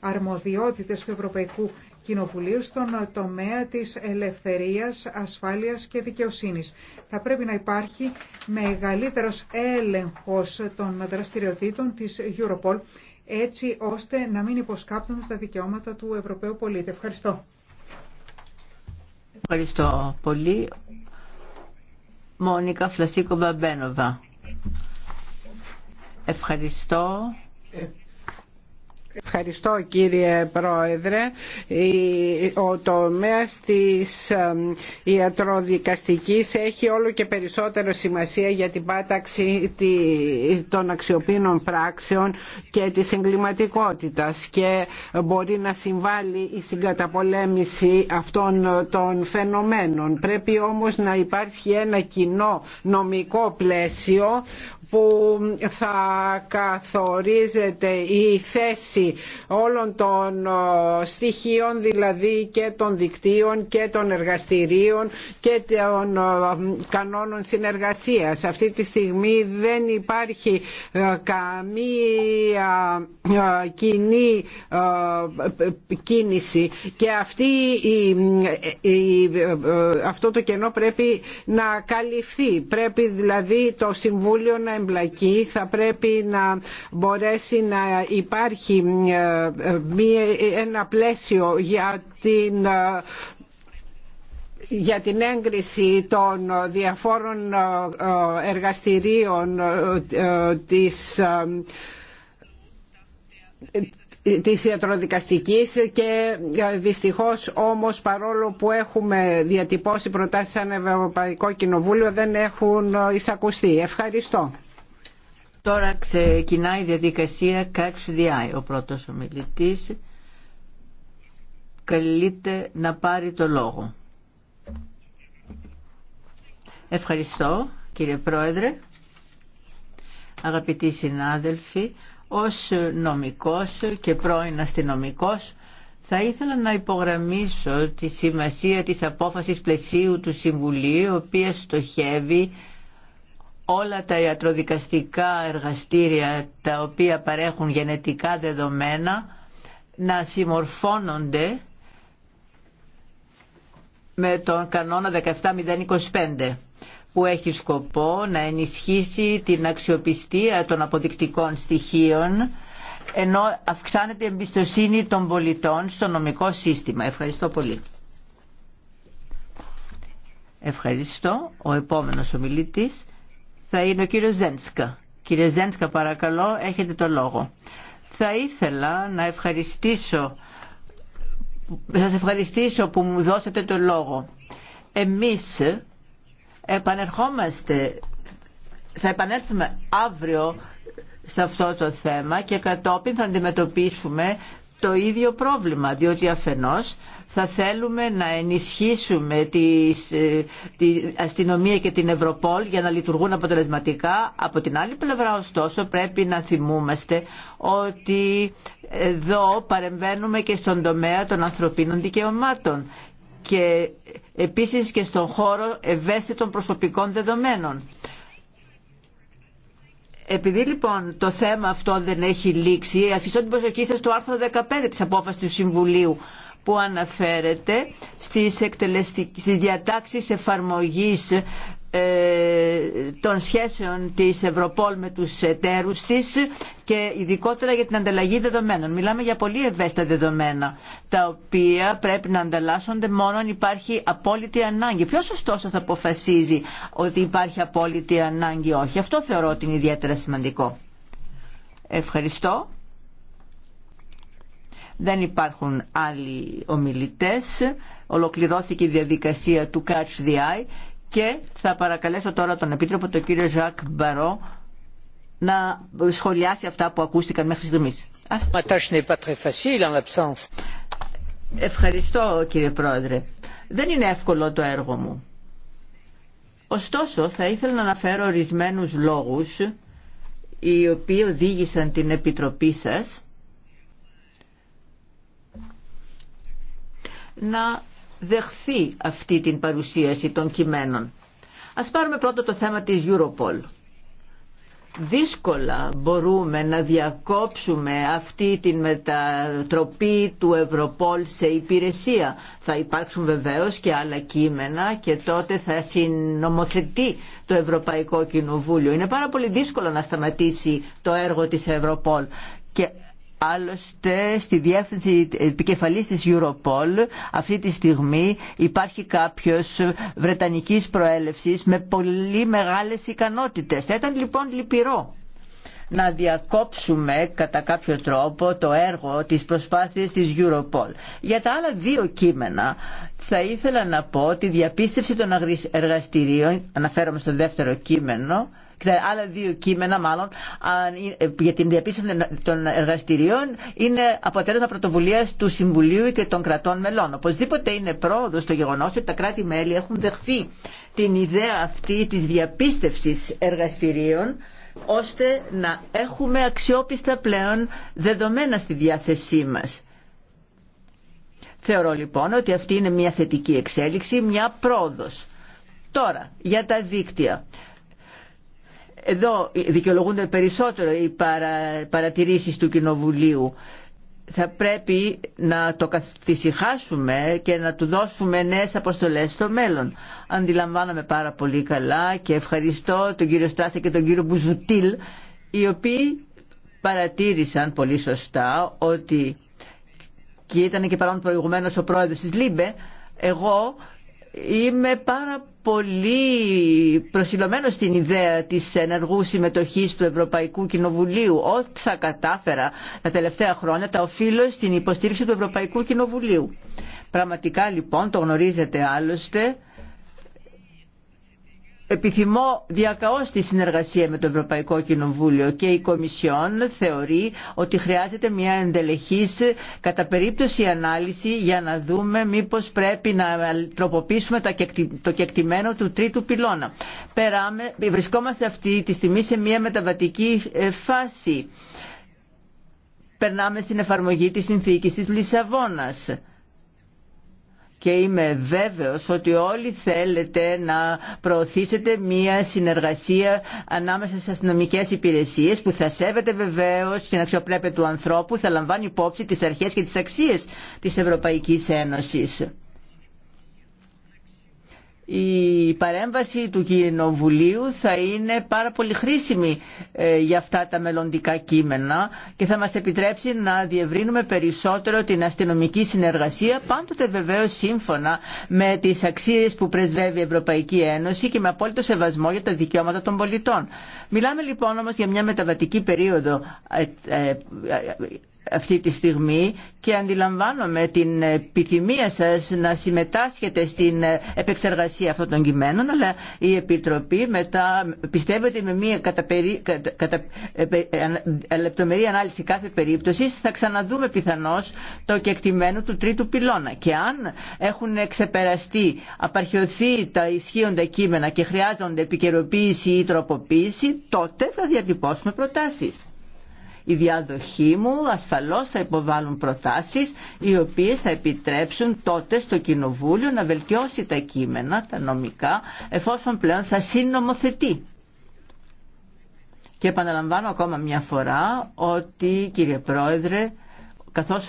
αρμοδιότητες του Ευρωπαϊκού Κοινοβουλίου στον τομέα της ελευθερίας, ασφάλειας και δικαιοσύνης. Θα πρέπει να υπάρχει μεγαλύτερος έλεγχος των δραστηριοτήτων της Europol, έτσι ώστε να μην υποσκάπτουν τα δικαιώματα του Ευρωπαίου πολίτη. Ευχαριστώ. Ευχαριστώ πολύ. Μόνικα Φλασίκο Μπαμπένοβα. Ευχαριστώ. Ευχαριστώ κύριε Πρόεδρε. Ο τομέας της ιατροδικαστικής έχει όλο και περισσότερο σημασία για την πάταξη των αξιοπίνων πράξεων και της εγκληματικότητα και μπορεί να συμβάλλει στην καταπολέμηση αυτών των φαινομένων. Πρέπει όμως να υπάρχει ένα κοινό νομικό πλαίσιο που θα καθορίζεται η θέση όλων των ε, στοιχείων δηλαδή και των δικτύων και των εργαστηρίων και των ε, κανόνων συνεργασίας. Αυτή τη στιγμή δεν υπάρχει ε, καμία κοινή κίνηση και αυτή η, αυτό το κενό πρέπει να καλυφθεί. Πρέπει δηλαδή το Συμβούλιο να εμπλακεί θα πρέπει να μπορέσει να υπάρχει ε, ένα πλαίσιο για την ε, για την έγκριση των διαφόρων ε, εργαστηρίων της της ιατροδικαστικής και δυστυχώς όμως παρόλο που έχουμε διατυπώσει προτάσεις σαν Ευρωπαϊκό Κοινοβούλιο δεν έχουν εισακουστεί. Ευχαριστώ. Τώρα ξεκινάει η διαδικασία Catch the Eye. Ο πρώτος ομιλητής καλείται να πάρει το λόγο. Ευχαριστώ κύριε Πρόεδρε, αγαπητοί συνάδελφοι. Ως νομικός και πρώην αστυνομικός θα ήθελα να υπογραμμίσω τη σημασία της απόφασης πλαισίου του Συμβουλίου, η οποία στοχεύει όλα τα ιατροδικαστικά εργαστήρια τα οποία παρέχουν γενετικά δεδομένα να συμμορφώνονται με τον κανόνα 17025 που έχει σκοπό να ενισχύσει την αξιοπιστία των αποδεικτικών στοιχείων ενώ αυξάνεται η εμπιστοσύνη των πολιτών στο νομικό σύστημα. Ευχαριστώ πολύ. Ευχαριστώ. Ο επόμενος ομιλήτης θα είναι ο κύριος Ζένσκα. Κύριε Ζένσκα παρακαλώ έχετε το λόγο. Θα ήθελα να ευχαριστήσω, ευχαριστήσω που μου δώσατε το λόγο. Εμείς επανερχόμαστε, θα επανέλθουμε αύριο σε αυτό το θέμα και κατόπιν θα αντιμετωπίσουμε το ίδιο πρόβλημα, διότι αφενός θα θέλουμε να ενισχύσουμε ε, την αστυνομία και την Ευρωπόλ για να λειτουργούν αποτελεσματικά. Από την άλλη πλευρά ωστόσο πρέπει να θυμούμαστε ότι εδώ παρεμβαίνουμε και στον τομέα των ανθρωπίνων δικαιωμάτων και επίσης και στον χώρο ευαίσθητων προσωπικών δεδομένων. Επειδή λοιπόν το θέμα αυτό δεν έχει λήξει, αφιστώ την προσοχή σας στο άρθρο 15 της απόφασης του Συμβουλίου που αναφέρεται στις, εκτελεστικές, στις διατάξεις εφαρμογής ε, των σχέσεων της Ευρωπόλ με τους εταίρους της και ειδικότερα για την ανταλλαγή δεδομένων. Μιλάμε για πολύ ευαίσθητα δεδομένα, τα οποία πρέπει να ανταλλάσσονται μόνο αν υπάρχει απόλυτη ανάγκη. Ποιο ωστόσο θα αποφασίζει ότι υπάρχει απόλυτη ανάγκη όχι. Αυτό θεωρώ ότι είναι ιδιαίτερα σημαντικό. Ευχαριστώ. Δεν υπάρχουν άλλοι ομιλητές. Ολοκληρώθηκε η διαδικασία του Catch the Eye και θα παρακαλέσω τώρα τον Επίτροπο, τον κύριο Ζακ Μπαρό, να σχολιάσει αυτά που ακούστηκαν μέχρι στιγμής. Ευχαριστώ κύριε Πρόεδρε. Δεν είναι εύκολο το έργο μου. Ωστόσο θα ήθελα να αναφέρω ορισμένους λόγους οι οποίοι οδήγησαν την Επιτροπή σας να δεχθεί αυτή την παρουσίαση των κειμένων. Ας πάρουμε πρώτα το θέμα της Europol. Δύσκολα μπορούμε να διακόψουμε αυτή την μετατροπή του Europol σε υπηρεσία. Θα υπάρξουν βεβαίως και άλλα κείμενα και τότε θα συνομοθετεί το Ευρωπαϊκό Κοινοβούλιο. Είναι πάρα πολύ δύσκολο να σταματήσει το έργο της Europol Και Άλλωστε στη διεύθυνση επικεφαλής της Europol αυτή τη στιγμή υπάρχει κάποιος βρετανικής προέλευσης με πολύ μεγάλες ικανότητες. Θα ήταν λοιπόν λυπηρό να διακόψουμε κατά κάποιο τρόπο το έργο της προσπάθειας της Europol. Για τα άλλα δύο κείμενα θα ήθελα να πω ότι η διαπίστευση των εργαστηρίων, αναφέρομαι στο δεύτερο κείμενο, άλλα δύο κείμενα μάλλον για την διαπίστωση των εργαστηρίων είναι αποτέλεσμα πρωτοβουλία του Συμβουλίου και των κρατών μελών. Οπωσδήποτε είναι πρόοδο το γεγονό ότι τα κράτη-μέλη έχουν δεχθεί την ιδέα αυτή τη διαπίστευση εργαστηρίων ώστε να έχουμε αξιόπιστα πλέον δεδομένα στη διάθεσή μας. Θεωρώ λοιπόν ότι αυτή είναι μια θετική εξέλιξη, μια πρόοδος. Τώρα, για τα δίκτυα. Εδώ δικαιολογούνται περισσότερο οι παρα, παρατηρήσεις του Κοινοβουλίου. Θα πρέπει να το καθησυχάσουμε και να του δώσουμε νέες αποστολές στο μέλλον. Αντιλαμβάνομαι πάρα πολύ καλά και ευχαριστώ τον κύριο Στάθη και τον κύριο Μπουζουτήλ οι οποίοι παρατήρησαν πολύ σωστά ότι και ήταν και παρόν προηγουμένως ο πρόεδρος της ΛΥΜΠΕ εγώ Είμαι πάρα πολύ προσιλωμένο στην ιδέα της ενεργού συμμετοχής του Ευρωπαϊκού Κοινοβουλίου. Όσα κατάφερα τα τελευταία χρόνια τα οφείλω στην υποστήριξη του Ευρωπαϊκού Κοινοβουλίου. Πραγματικά λοιπόν, το γνωρίζετε άλλωστε, Επιθυμώ διακαώς τη συνεργασία με το Ευρωπαϊκό Κοινοβούλιο και η Κομισιόν θεωρεί ότι χρειάζεται μια εντελεχής κατά περίπτωση ανάλυση για να δούμε μήπως πρέπει να τροποποιήσουμε το κεκτημένο του τρίτου πυλώνα. Περάμε, βρισκόμαστε αυτή τη στιγμή σε μια μεταβατική ε, φάση. Περνάμε στην εφαρμογή της συνθήκης της Λισαβόνας και είμαι βέβαιος ότι όλοι θέλετε να προωθήσετε μία συνεργασία ανάμεσα στις αστυνομικέ υπηρεσίες που θα σέβεται βεβαίως την αξιοπρέπεια του ανθρώπου, θα λαμβάνει υπόψη τις αρχές και τις αξίες της Ευρωπαϊκής Ένωσης η παρέμβαση του Κοινοβουλίου θα είναι πάρα πολύ χρήσιμη ε, για αυτά τα μελλοντικά κείμενα και θα μας επιτρέψει να διευρύνουμε περισσότερο την αστυνομική συνεργασία πάντοτε βεβαίως σύμφωνα με τις αξίες που πρεσβεύει η Ευρωπαϊκή Ένωση και με απόλυτο σεβασμό για τα δικαιώματα των πολιτών. Μιλάμε λοιπόν όμως για μια μεταβατική περίοδο ε, ε, αυτή τη στιγμή και αντιλαμβάνομαι την επιθυμία σας να συμμετάσχετε στην επεξεργασία αυτών των κειμένων αλλά η Επιτροπή μετά πιστεύω ότι με μια καταπερι... κατα... Ε, ε, ε, λεπτομερή ανάλυση κάθε περίπτωσης θα ξαναδούμε πιθανώς το κεκτημένο του τρίτου πυλώνα και αν έχουν ξεπεραστεί, απαρχιωθεί τα ισχύοντα κείμενα και χρειάζονται επικαιροποίηση ή τροποποίηση τότε θα διατυπώσουμε προτάσεις η διαδοχή μου ασφαλώς θα υποβάλουν προτάσεις οι οποίες θα επιτρέψουν τότε στο Κοινοβούλιο να βελτιώσει τα κείμενα, τα νομικά, εφόσον πλέον θα συνομοθετεί. Και επαναλαμβάνω ακόμα μια φορά ότι κύριε Πρόεδρε καθώς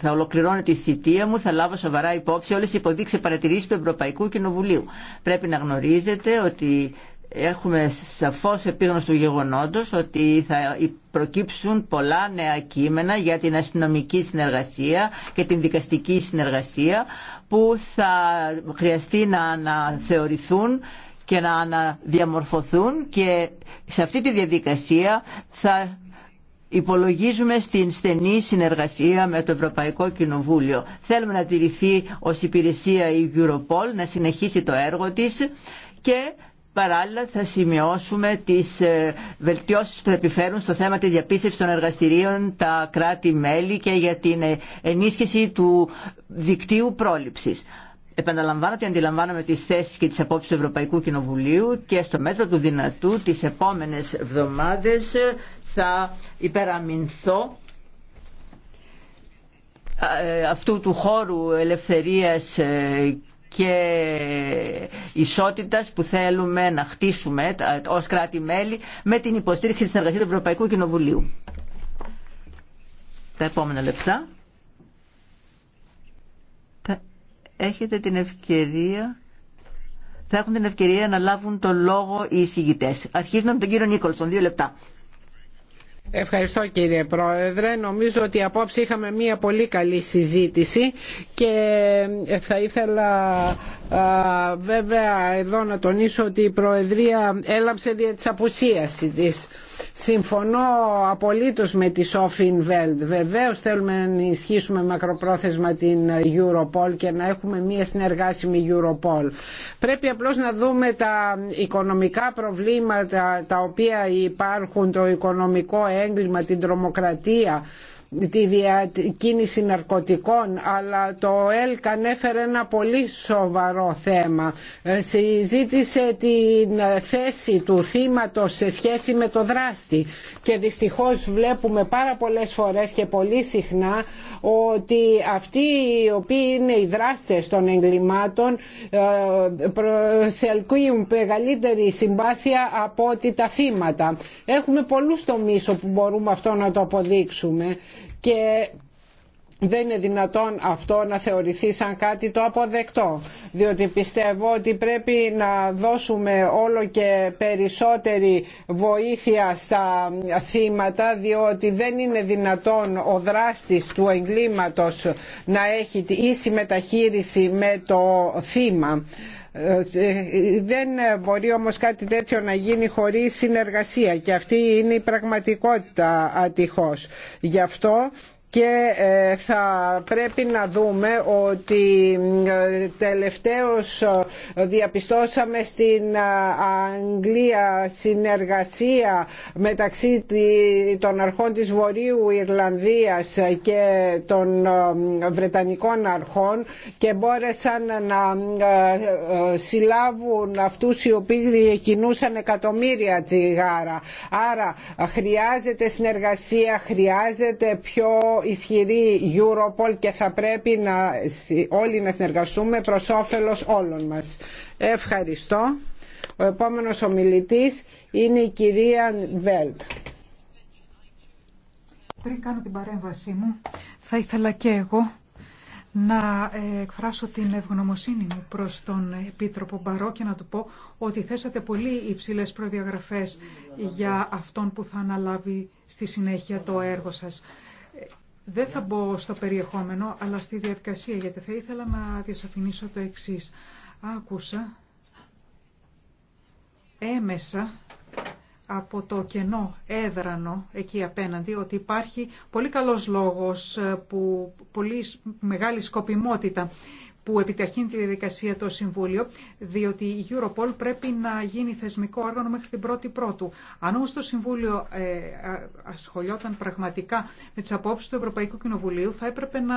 θα, ολοκληρώνω τη θητεία μου, θα λάβω σοβαρά υπόψη όλες οι υποδείξεις παρατηρήσεις του Ευρωπαϊκού Κοινοβουλίου. Πρέπει να γνωρίζετε ότι έχουμε σαφώς επίγνωση του γεγονότος ότι θα προκύψουν πολλά νέα κείμενα για την αστυνομική συνεργασία και την δικαστική συνεργασία που θα χρειαστεί να αναθεωρηθούν και να αναδιαμορφωθούν και σε αυτή τη διαδικασία θα υπολογίζουμε στην στενή συνεργασία με το Ευρωπαϊκό Κοινοβούλιο. Θέλουμε να τηρηθεί ως υπηρεσία η Europol, να συνεχίσει το έργο της και Παράλληλα θα σημειώσουμε τις ε, βελτιώσεις που θα επιφέρουν στο θέμα της διαπίστευσης των εργαστηρίων τα κράτη-μέλη και για την ε, ενίσχυση του δικτύου πρόληψης. Επαναλαμβάνω ότι αντιλαμβάνομαι τις θέσεις και τις απόψεις του Ευρωπαϊκού Κοινοβουλίου και στο μέτρο του δυνατού τις επόμενες εβδομάδες θα υπεραμεινθώ ε, αυτού του χώρου ελευθερίας και ισότητας που θέλουμε να χτίσουμε ως κράτη-μέλη με την υποστήριξη της συνεργασίας του Ευρωπαϊκού Κοινοβουλίου. Τα επόμενα λεπτά θα έχετε την ευκαιρία θα έχουν την ευκαιρία να λάβουν το λόγο οι εισηγητές. Αρχίζουμε με τον κύριο Νίκολσον, δύο λεπτά. Ευχαριστώ κύριε Πρόεδρε. Νομίζω ότι απόψε είχαμε μία πολύ καλή συζήτηση και θα ήθελα βέβαια εδώ να τονίσω ότι η Προεδρία έλαψε δια της απουσίας της Συμφωνώ απολύτως με τη Σόφιν Βέλτ. Βεβαίως θέλουμε να ενισχύσουμε μακροπρόθεσμα την Europol και να έχουμε μια συνεργάσιμη Europol. Πρέπει απλώς να δούμε τα οικονομικά προβλήματα τα οποία υπάρχουν, το οικονομικό έγκλημα, την τρομοκρατία τη διακίνηση ναρκωτικών αλλά το ΕΛΚ ανέφερε ένα πολύ σοβαρό θέμα ε, συζήτησε τη θέση του θύματος σε σχέση με το δράστη και δυστυχώς βλέπουμε πάρα πολλές φορές και πολύ συχνά ότι αυτοί οι οποίοι είναι οι δράστες των εγκλημάτων ε, προσελκύουν μεγαλύτερη συμπάθεια από ότι τα θύματα. Έχουμε πολλούς τομείς όπου μπορούμε αυτό να το αποδείξουμε και δεν είναι δυνατόν αυτό να θεωρηθεί σαν κάτι το αποδεκτό διότι πιστεύω ότι πρέπει να δώσουμε όλο και περισσότερη βοήθεια στα θύματα διότι δεν είναι δυνατόν ο δράστης του εγκλήματος να έχει ίση μεταχείριση με το θύμα δεν μπορεί όμως κάτι τέτοιο να γίνει χωρίς συνεργασία και αυτή είναι η πραγματικότητα ατυχώς. Γι' αυτό και ε, θα πρέπει να δούμε ότι ε, τελευταίως ε, διαπιστώσαμε στην Αγγλία συνεργασία μεταξύ των αρχών της Βορείου Ιρλανδίας και των Βρετανικών αρχών και μπόρεσαν να συλλάβουν αυτούς οι οποίοι διακινούσαν εκατομμύρια τσιγάρα. Άρα χρειάζεται συνεργασία, χρειάζεται πιο ισχυρή Europol και θα πρέπει να, όλοι να συνεργαστούμε προς όφελος όλων μας. Ευχαριστώ. Ο επόμενος ομιλητής είναι η κυρία Βέλτ. Πριν κάνω την παρέμβασή μου, θα ήθελα και εγώ να ε, εκφράσω την ευγνωμοσύνη μου προς τον Επίτροπο Μπαρό και να του πω ότι θέσατε πολύ υψηλές προδιαγραφές για αυτόν που θα αναλάβει στη συνέχεια το έργο σας. Δεν θα μπω στο περιεχόμενο, αλλά στη διαδικασία, γιατί θα ήθελα να διασαφηνίσω το εξής. Άκουσα έμεσα από το κενό έδρανο εκεί απέναντι ότι υπάρχει πολύ καλός λόγος, ε, που, πολύ μεγάλη σκοπιμότητα που επιταχύνει τη διαδικασία το Συμβούλιο, διότι η Europol πρέπει να γίνει θεσμικό όργανο μέχρι την πρώτη Πρώτου. Αν όμως το Συμβούλιο ε, ασχολιόταν πραγματικά με τις απόψεις του Ευρωπαϊκού Κοινοβουλίου, θα έπρεπε να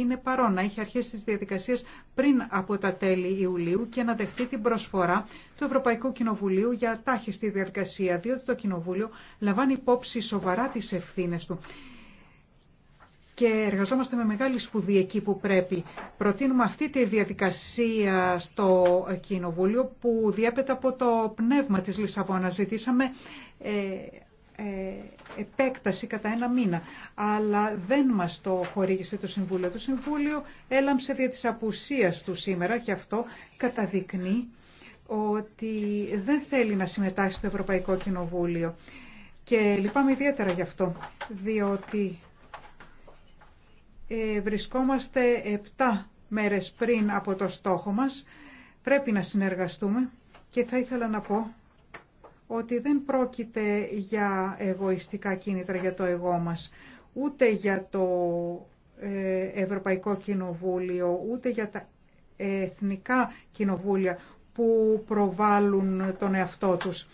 είναι παρόν, να είχε αρχίσει τις διαδικασίες πριν από τα τέλη Ιουλίου και να δεχτεί την προσφορά του Ευρωπαϊκού Κοινοβουλίου για τάχιστη διαδικασία, διότι το Κοινοβούλιο λαμβάνει υπόψη σοβαρά τις ευθύνες του και εργαζόμαστε με μεγάλη σπουδή εκεί που πρέπει. Προτείνουμε αυτή τη διαδικασία στο Κοινοβούλιο που διέπεται από το πνεύμα της Λισαβόνα. Ζητήσαμε ε, ε, επέκταση κατά ένα μήνα, αλλά δεν μας το χορήγησε το Συμβούλιο. Το Συμβούλιο έλαμψε δια της απουσίας του σήμερα και αυτό καταδεικνύει ότι δεν θέλει να συμμετάσχει στο Ευρωπαϊκό Κοινοβούλιο. Και λυπάμαι ιδιαίτερα γι' αυτό, διότι ε, βρισκόμαστε 7 μέρες πριν από το στόχο μας. Πρέπει να συνεργαστούμε και θα ήθελα να πω ότι δεν πρόκειται για εγωιστικά κίνητρα για το εγώ μας, ούτε για το ε, Ευρωπαϊκό Κοινοβούλιο, ούτε για τα εθνικά κοινοβούλια που προβάλλουν τον εαυτό τους.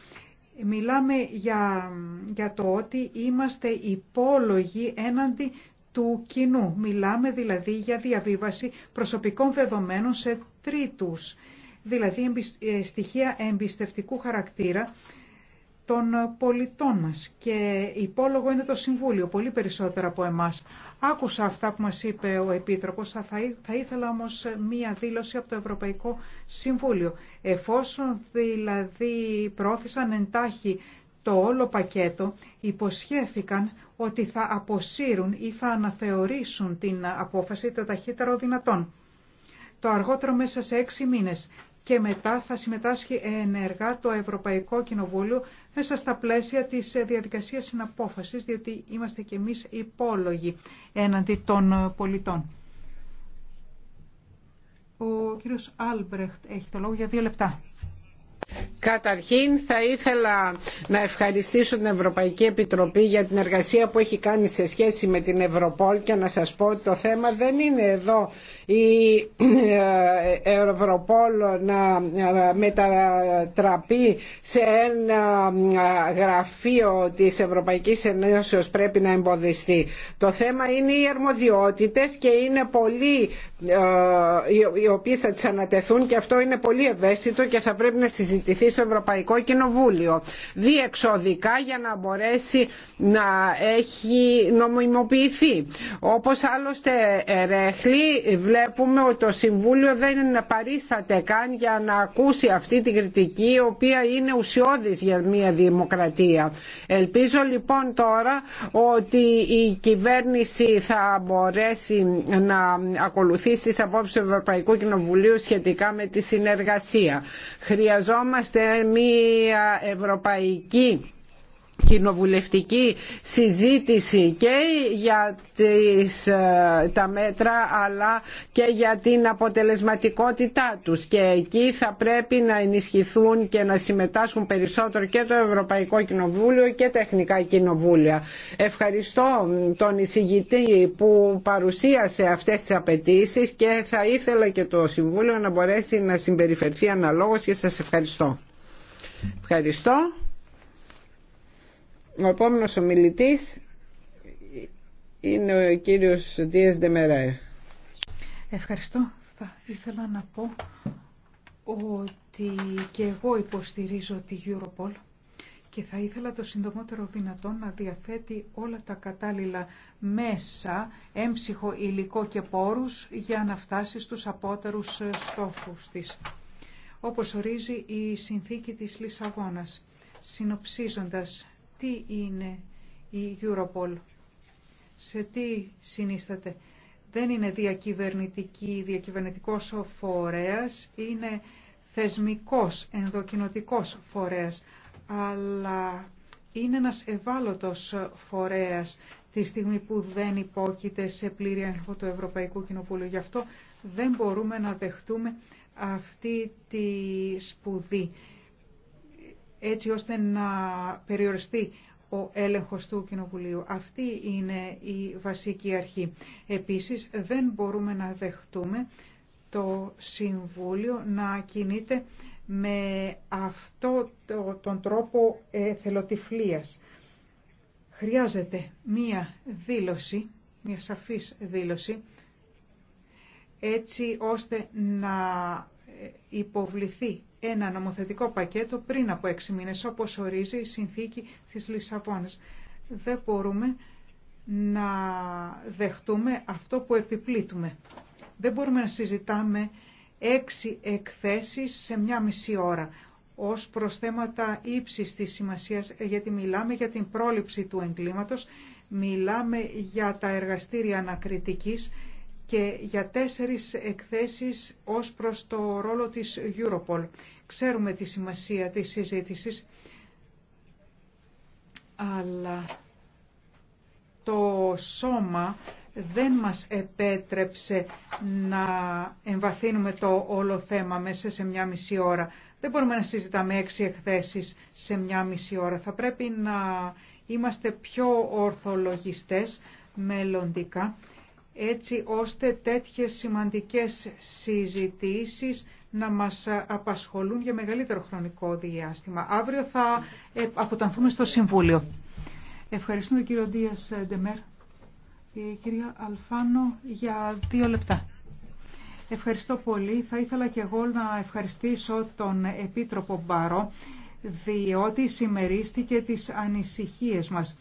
Μιλάμε για, για το ότι είμαστε υπόλογοι έναντι του κοινού. Μιλάμε δηλαδή για διαβίβαση προσωπικών δεδομένων σε τρίτους, δηλαδή ε, στοιχεία εμπιστευτικού χαρακτήρα των πολιτών μας και υπόλογο είναι το Συμβούλιο, πολύ περισσότερο από εμάς. Άκουσα αυτά που μας είπε ο Επίτροπος, θα ήθελα όμως μία δήλωση από το Ευρωπαϊκό Συμβούλιο. Εφόσον δηλαδή πρόθεσαν εντάχει το όλο πακέτο υποσχέθηκαν ότι θα αποσύρουν ή θα αναθεωρήσουν την απόφαση το ταχύτερο δυνατόν. Το αργότερο μέσα σε έξι μήνες και μετά θα συμμετάσχει ενεργά το Ευρωπαϊκό Κοινοβούλιο μέσα στα πλαίσια της διαδικασίας συναπόφασης, διότι είμαστε και εμείς υπόλογοι έναντι των πολιτών. Ο κύριος Άλμπρεχτ έχει το λόγο για δύο λεπτά. Καταρχήν θα ήθελα να ευχαριστήσω την Ευρωπαϊκή Επιτροπή για την εργασία που έχει κάνει σε σχέση με την Ευρωπόλ και να σας πω ότι το θέμα δεν είναι εδώ η ε, Ευρωπόλ να ε, μετατραπεί σε ένα ε, γραφείο της Ευρωπαϊκής Ενώσεως πρέπει να εμποδιστεί. Το θέμα είναι οι αρμοδιότητες και είναι πολλοί οι οποίες θα τις ανατεθούν και αυτό είναι πολύ ευαίσθητο και θα πρέπει να συζητήσουμε συζητηθεί στο Ευρωπαϊκό Κοινοβούλιο διεξοδικά για να μπορέσει να έχει νομιμοποιηθεί. Όπως άλλωστε ρέχλη βλέπουμε ότι το Συμβούλιο δεν παρίσταται καν για να ακούσει αυτή την κριτική η οποία είναι ουσιώδης για μια δημοκρατία. Ελπίζω λοιπόν τώρα ότι η κυβέρνηση θα μπορέσει να ακολουθήσει τις απόψεις του Ευρωπαϊκού Κοινοβουλίου σχετικά με τη συνεργασία. Χρειαζόμαστε Είμαστε μια ευρωπαϊκή κοινοβουλευτική συζήτηση και για ε, τα μέτρα αλλά και για την αποτελεσματικότητά τους και εκεί θα πρέπει να ενισχυθούν και να συμμετάσχουν περισσότερο και το Ευρωπαϊκό Κοινοβούλιο και τα Εθνικά Κοινοβούλια. Ευχαριστώ τον εισηγητή που παρουσίασε αυτές τις απαιτήσει και θα ήθελα και το Συμβούλιο να μπορέσει να συμπεριφερθεί αναλόγως και σας ευχαριστώ. Ευχαριστώ. Ο επόμενος ομιλητής είναι ο κύριος Δίας Ντεμεράε. Ευχαριστώ. Θα ήθελα να πω ότι και εγώ υποστηρίζω τη Europol και θα ήθελα το συντομότερο δυνατόν να διαθέτει όλα τα κατάλληλα μέσα, έμψυχο υλικό και πόρους για να φτάσει στους απότερους στόχους της. Όπως ορίζει η συνθήκη της Λισαβόνα, Συνοψίζοντας, τι είναι η Europol, σε τι συνίσταται. Δεν είναι διακυβερνητική, διακυβερνητικός φορέας, είναι θεσμικός, ενδοκινοτικός φορέας, αλλά είναι ένας ευάλωτος φορέας τη στιγμή που δεν υπόκειται σε πλήρη έγχο του Ευρωπαϊκού Κοινοβούλου. Γι' αυτό δεν μπορούμε να δεχτούμε αυτή τη σπουδή έτσι ώστε να περιοριστεί ο έλεγχος του Κοινοβουλίου. Αυτή είναι η βασική αρχή. Επίσης, δεν μπορούμε να δεχτούμε το Συμβούλιο να κινείται με αυτό τον τρόπο θελοτυφλίας. Χρειάζεται μία δήλωση, μία σαφής δήλωση, έτσι ώστε να υποβληθεί ένα νομοθετικό πακέτο πριν από έξι μήνες, όπως ορίζει η συνθήκη της Λισαβόνας. Δεν μπορούμε να δεχτούμε αυτό που επιπλήττουμε. Δεν μπορούμε να συζητάμε έξι εκθέσεις σε μια μισή ώρα ως προς θέματα ύψης της σημασίας, γιατί μιλάμε για την πρόληψη του εγκλήματος, μιλάμε για τα εργαστήρια ανακριτικής και για τέσσερις εκθέσεις ως προς το ρόλο της Europol. Ξέρουμε τη σημασία της συζήτησης, αλλά το σώμα δεν μας επέτρεψε να εμβαθύνουμε το όλο θέμα μέσα σε μια μισή ώρα. Δεν μπορούμε να συζητάμε έξι εκθέσεις σε μια μισή ώρα. Θα πρέπει να είμαστε πιο ορθολογιστές μελλοντικά έτσι ώστε τέτοιες σημαντικές συζητήσεις να μας απασχολούν για μεγαλύτερο χρονικό διάστημα. Αύριο θα ε, αποτανθούμε στο Συμβούλιο. Ευχαριστούμε τον κύριο Δίας Ντεμέρ. Η ε, κυρία Αλφάνο για δύο λεπτά. Ευχαριστώ πολύ. Θα ήθελα και εγώ να ευχαριστήσω τον Επίτροπο Μπάρο διότι συμμερίστηκε τις ανησυχίες μας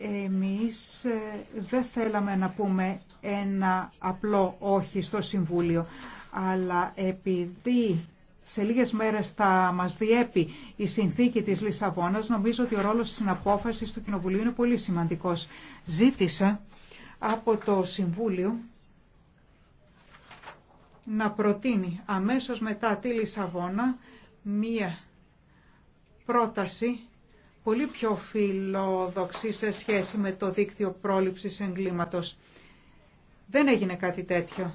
εμείς ε, δεν θέλαμε να πούμε ένα απλό όχι στο Συμβούλιο, αλλά επειδή σε λίγες μέρες θα μας διέπει η συνθήκη της Λισαβόνας, νομίζω ότι ο ρόλος της συναπόφασης του Κοινοβουλίου είναι πολύ σημαντικός. Ζήτησα από το Συμβούλιο να προτείνει αμέσως μετά τη Λισαβόνα μία πρόταση πολύ πιο φιλόδοξη σε σχέση με το δίκτυο πρόληψης εγκλήματος. Δεν έγινε κάτι τέτοιο.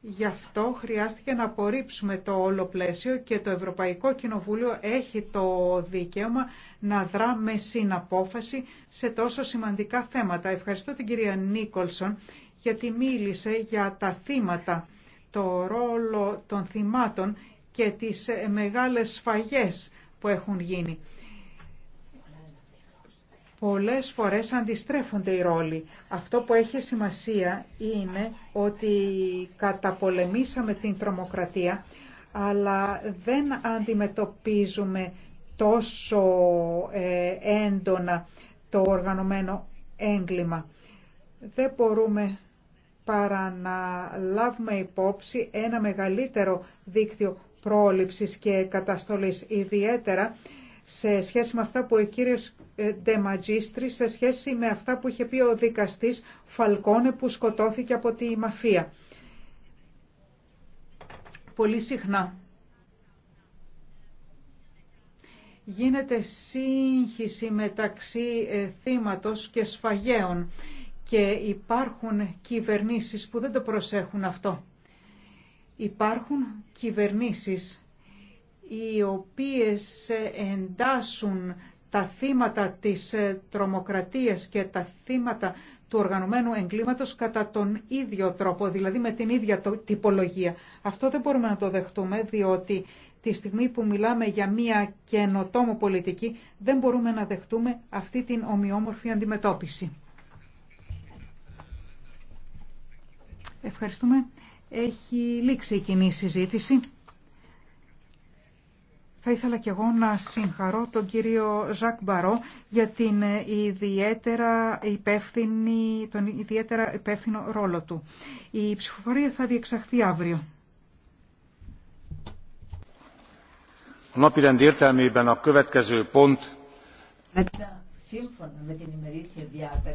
Γι' αυτό χρειάστηκε να απορρίψουμε το όλο πλαίσιο και το Ευρωπαϊκό Κοινοβούλιο έχει το δικαίωμα να δρά με συναπόφαση σε τόσο σημαντικά θέματα. Ευχαριστώ την κυρία Νίκολσον γιατί μίλησε για τα θύματα, το ρόλο των θυμάτων και τις μεγάλες σφαγές που έχουν γίνει. Πολλές φορές αντιστρέφονται οι ρόλοι. Αυτό που έχει σημασία είναι ότι καταπολεμήσαμε την τρομοκρατία, αλλά δεν αντιμετωπίζουμε τόσο ε, έντονα το οργανωμένο έγκλημα. Δεν μπορούμε παρά να λάβουμε υπόψη ένα μεγαλύτερο δίκτυο πρόληψης και καταστολής, ιδιαίτερα σε σχέση με αυτά που ο κύριος σε σχέση με αυτά που είχε πει ο δικαστής Φαλκόνε που σκοτώθηκε από τη μαφία. Πολύ συχνά. Γίνεται σύγχυση μεταξύ ε, θύματος και σφαγέων και υπάρχουν κυβερνήσεις που δεν το προσέχουν αυτό. Υπάρχουν κυβερνήσεις οι οποίες ε, εντάσσουν τα θύματα της ε, τρομοκρατίας και τα θύματα του οργανωμένου εγκλήματος κατά τον ίδιο τρόπο, δηλαδή με την ίδια τυπολογία. Αυτό δεν μπορούμε να το δεχτούμε, διότι τη στιγμή που μιλάμε για μια καινοτόμο πολιτική, δεν μπορούμε να δεχτούμε αυτή την ομοιόμορφη αντιμετώπιση. Ευχαριστούμε. Έχει λήξει η κοινή συζήτηση. Θα ήθελα και εγώ να συγχαρώ τον κύριο Ζακ Μπαρό για την ε, ιδιαίτερα υπεύθυνη, τον ιδιαίτερα υπεύθυνο ρόλο του. Η ψηφοφορία θα διεξαχθεί αύριο. Σύμφωνα με την ημερήσια διάταξη,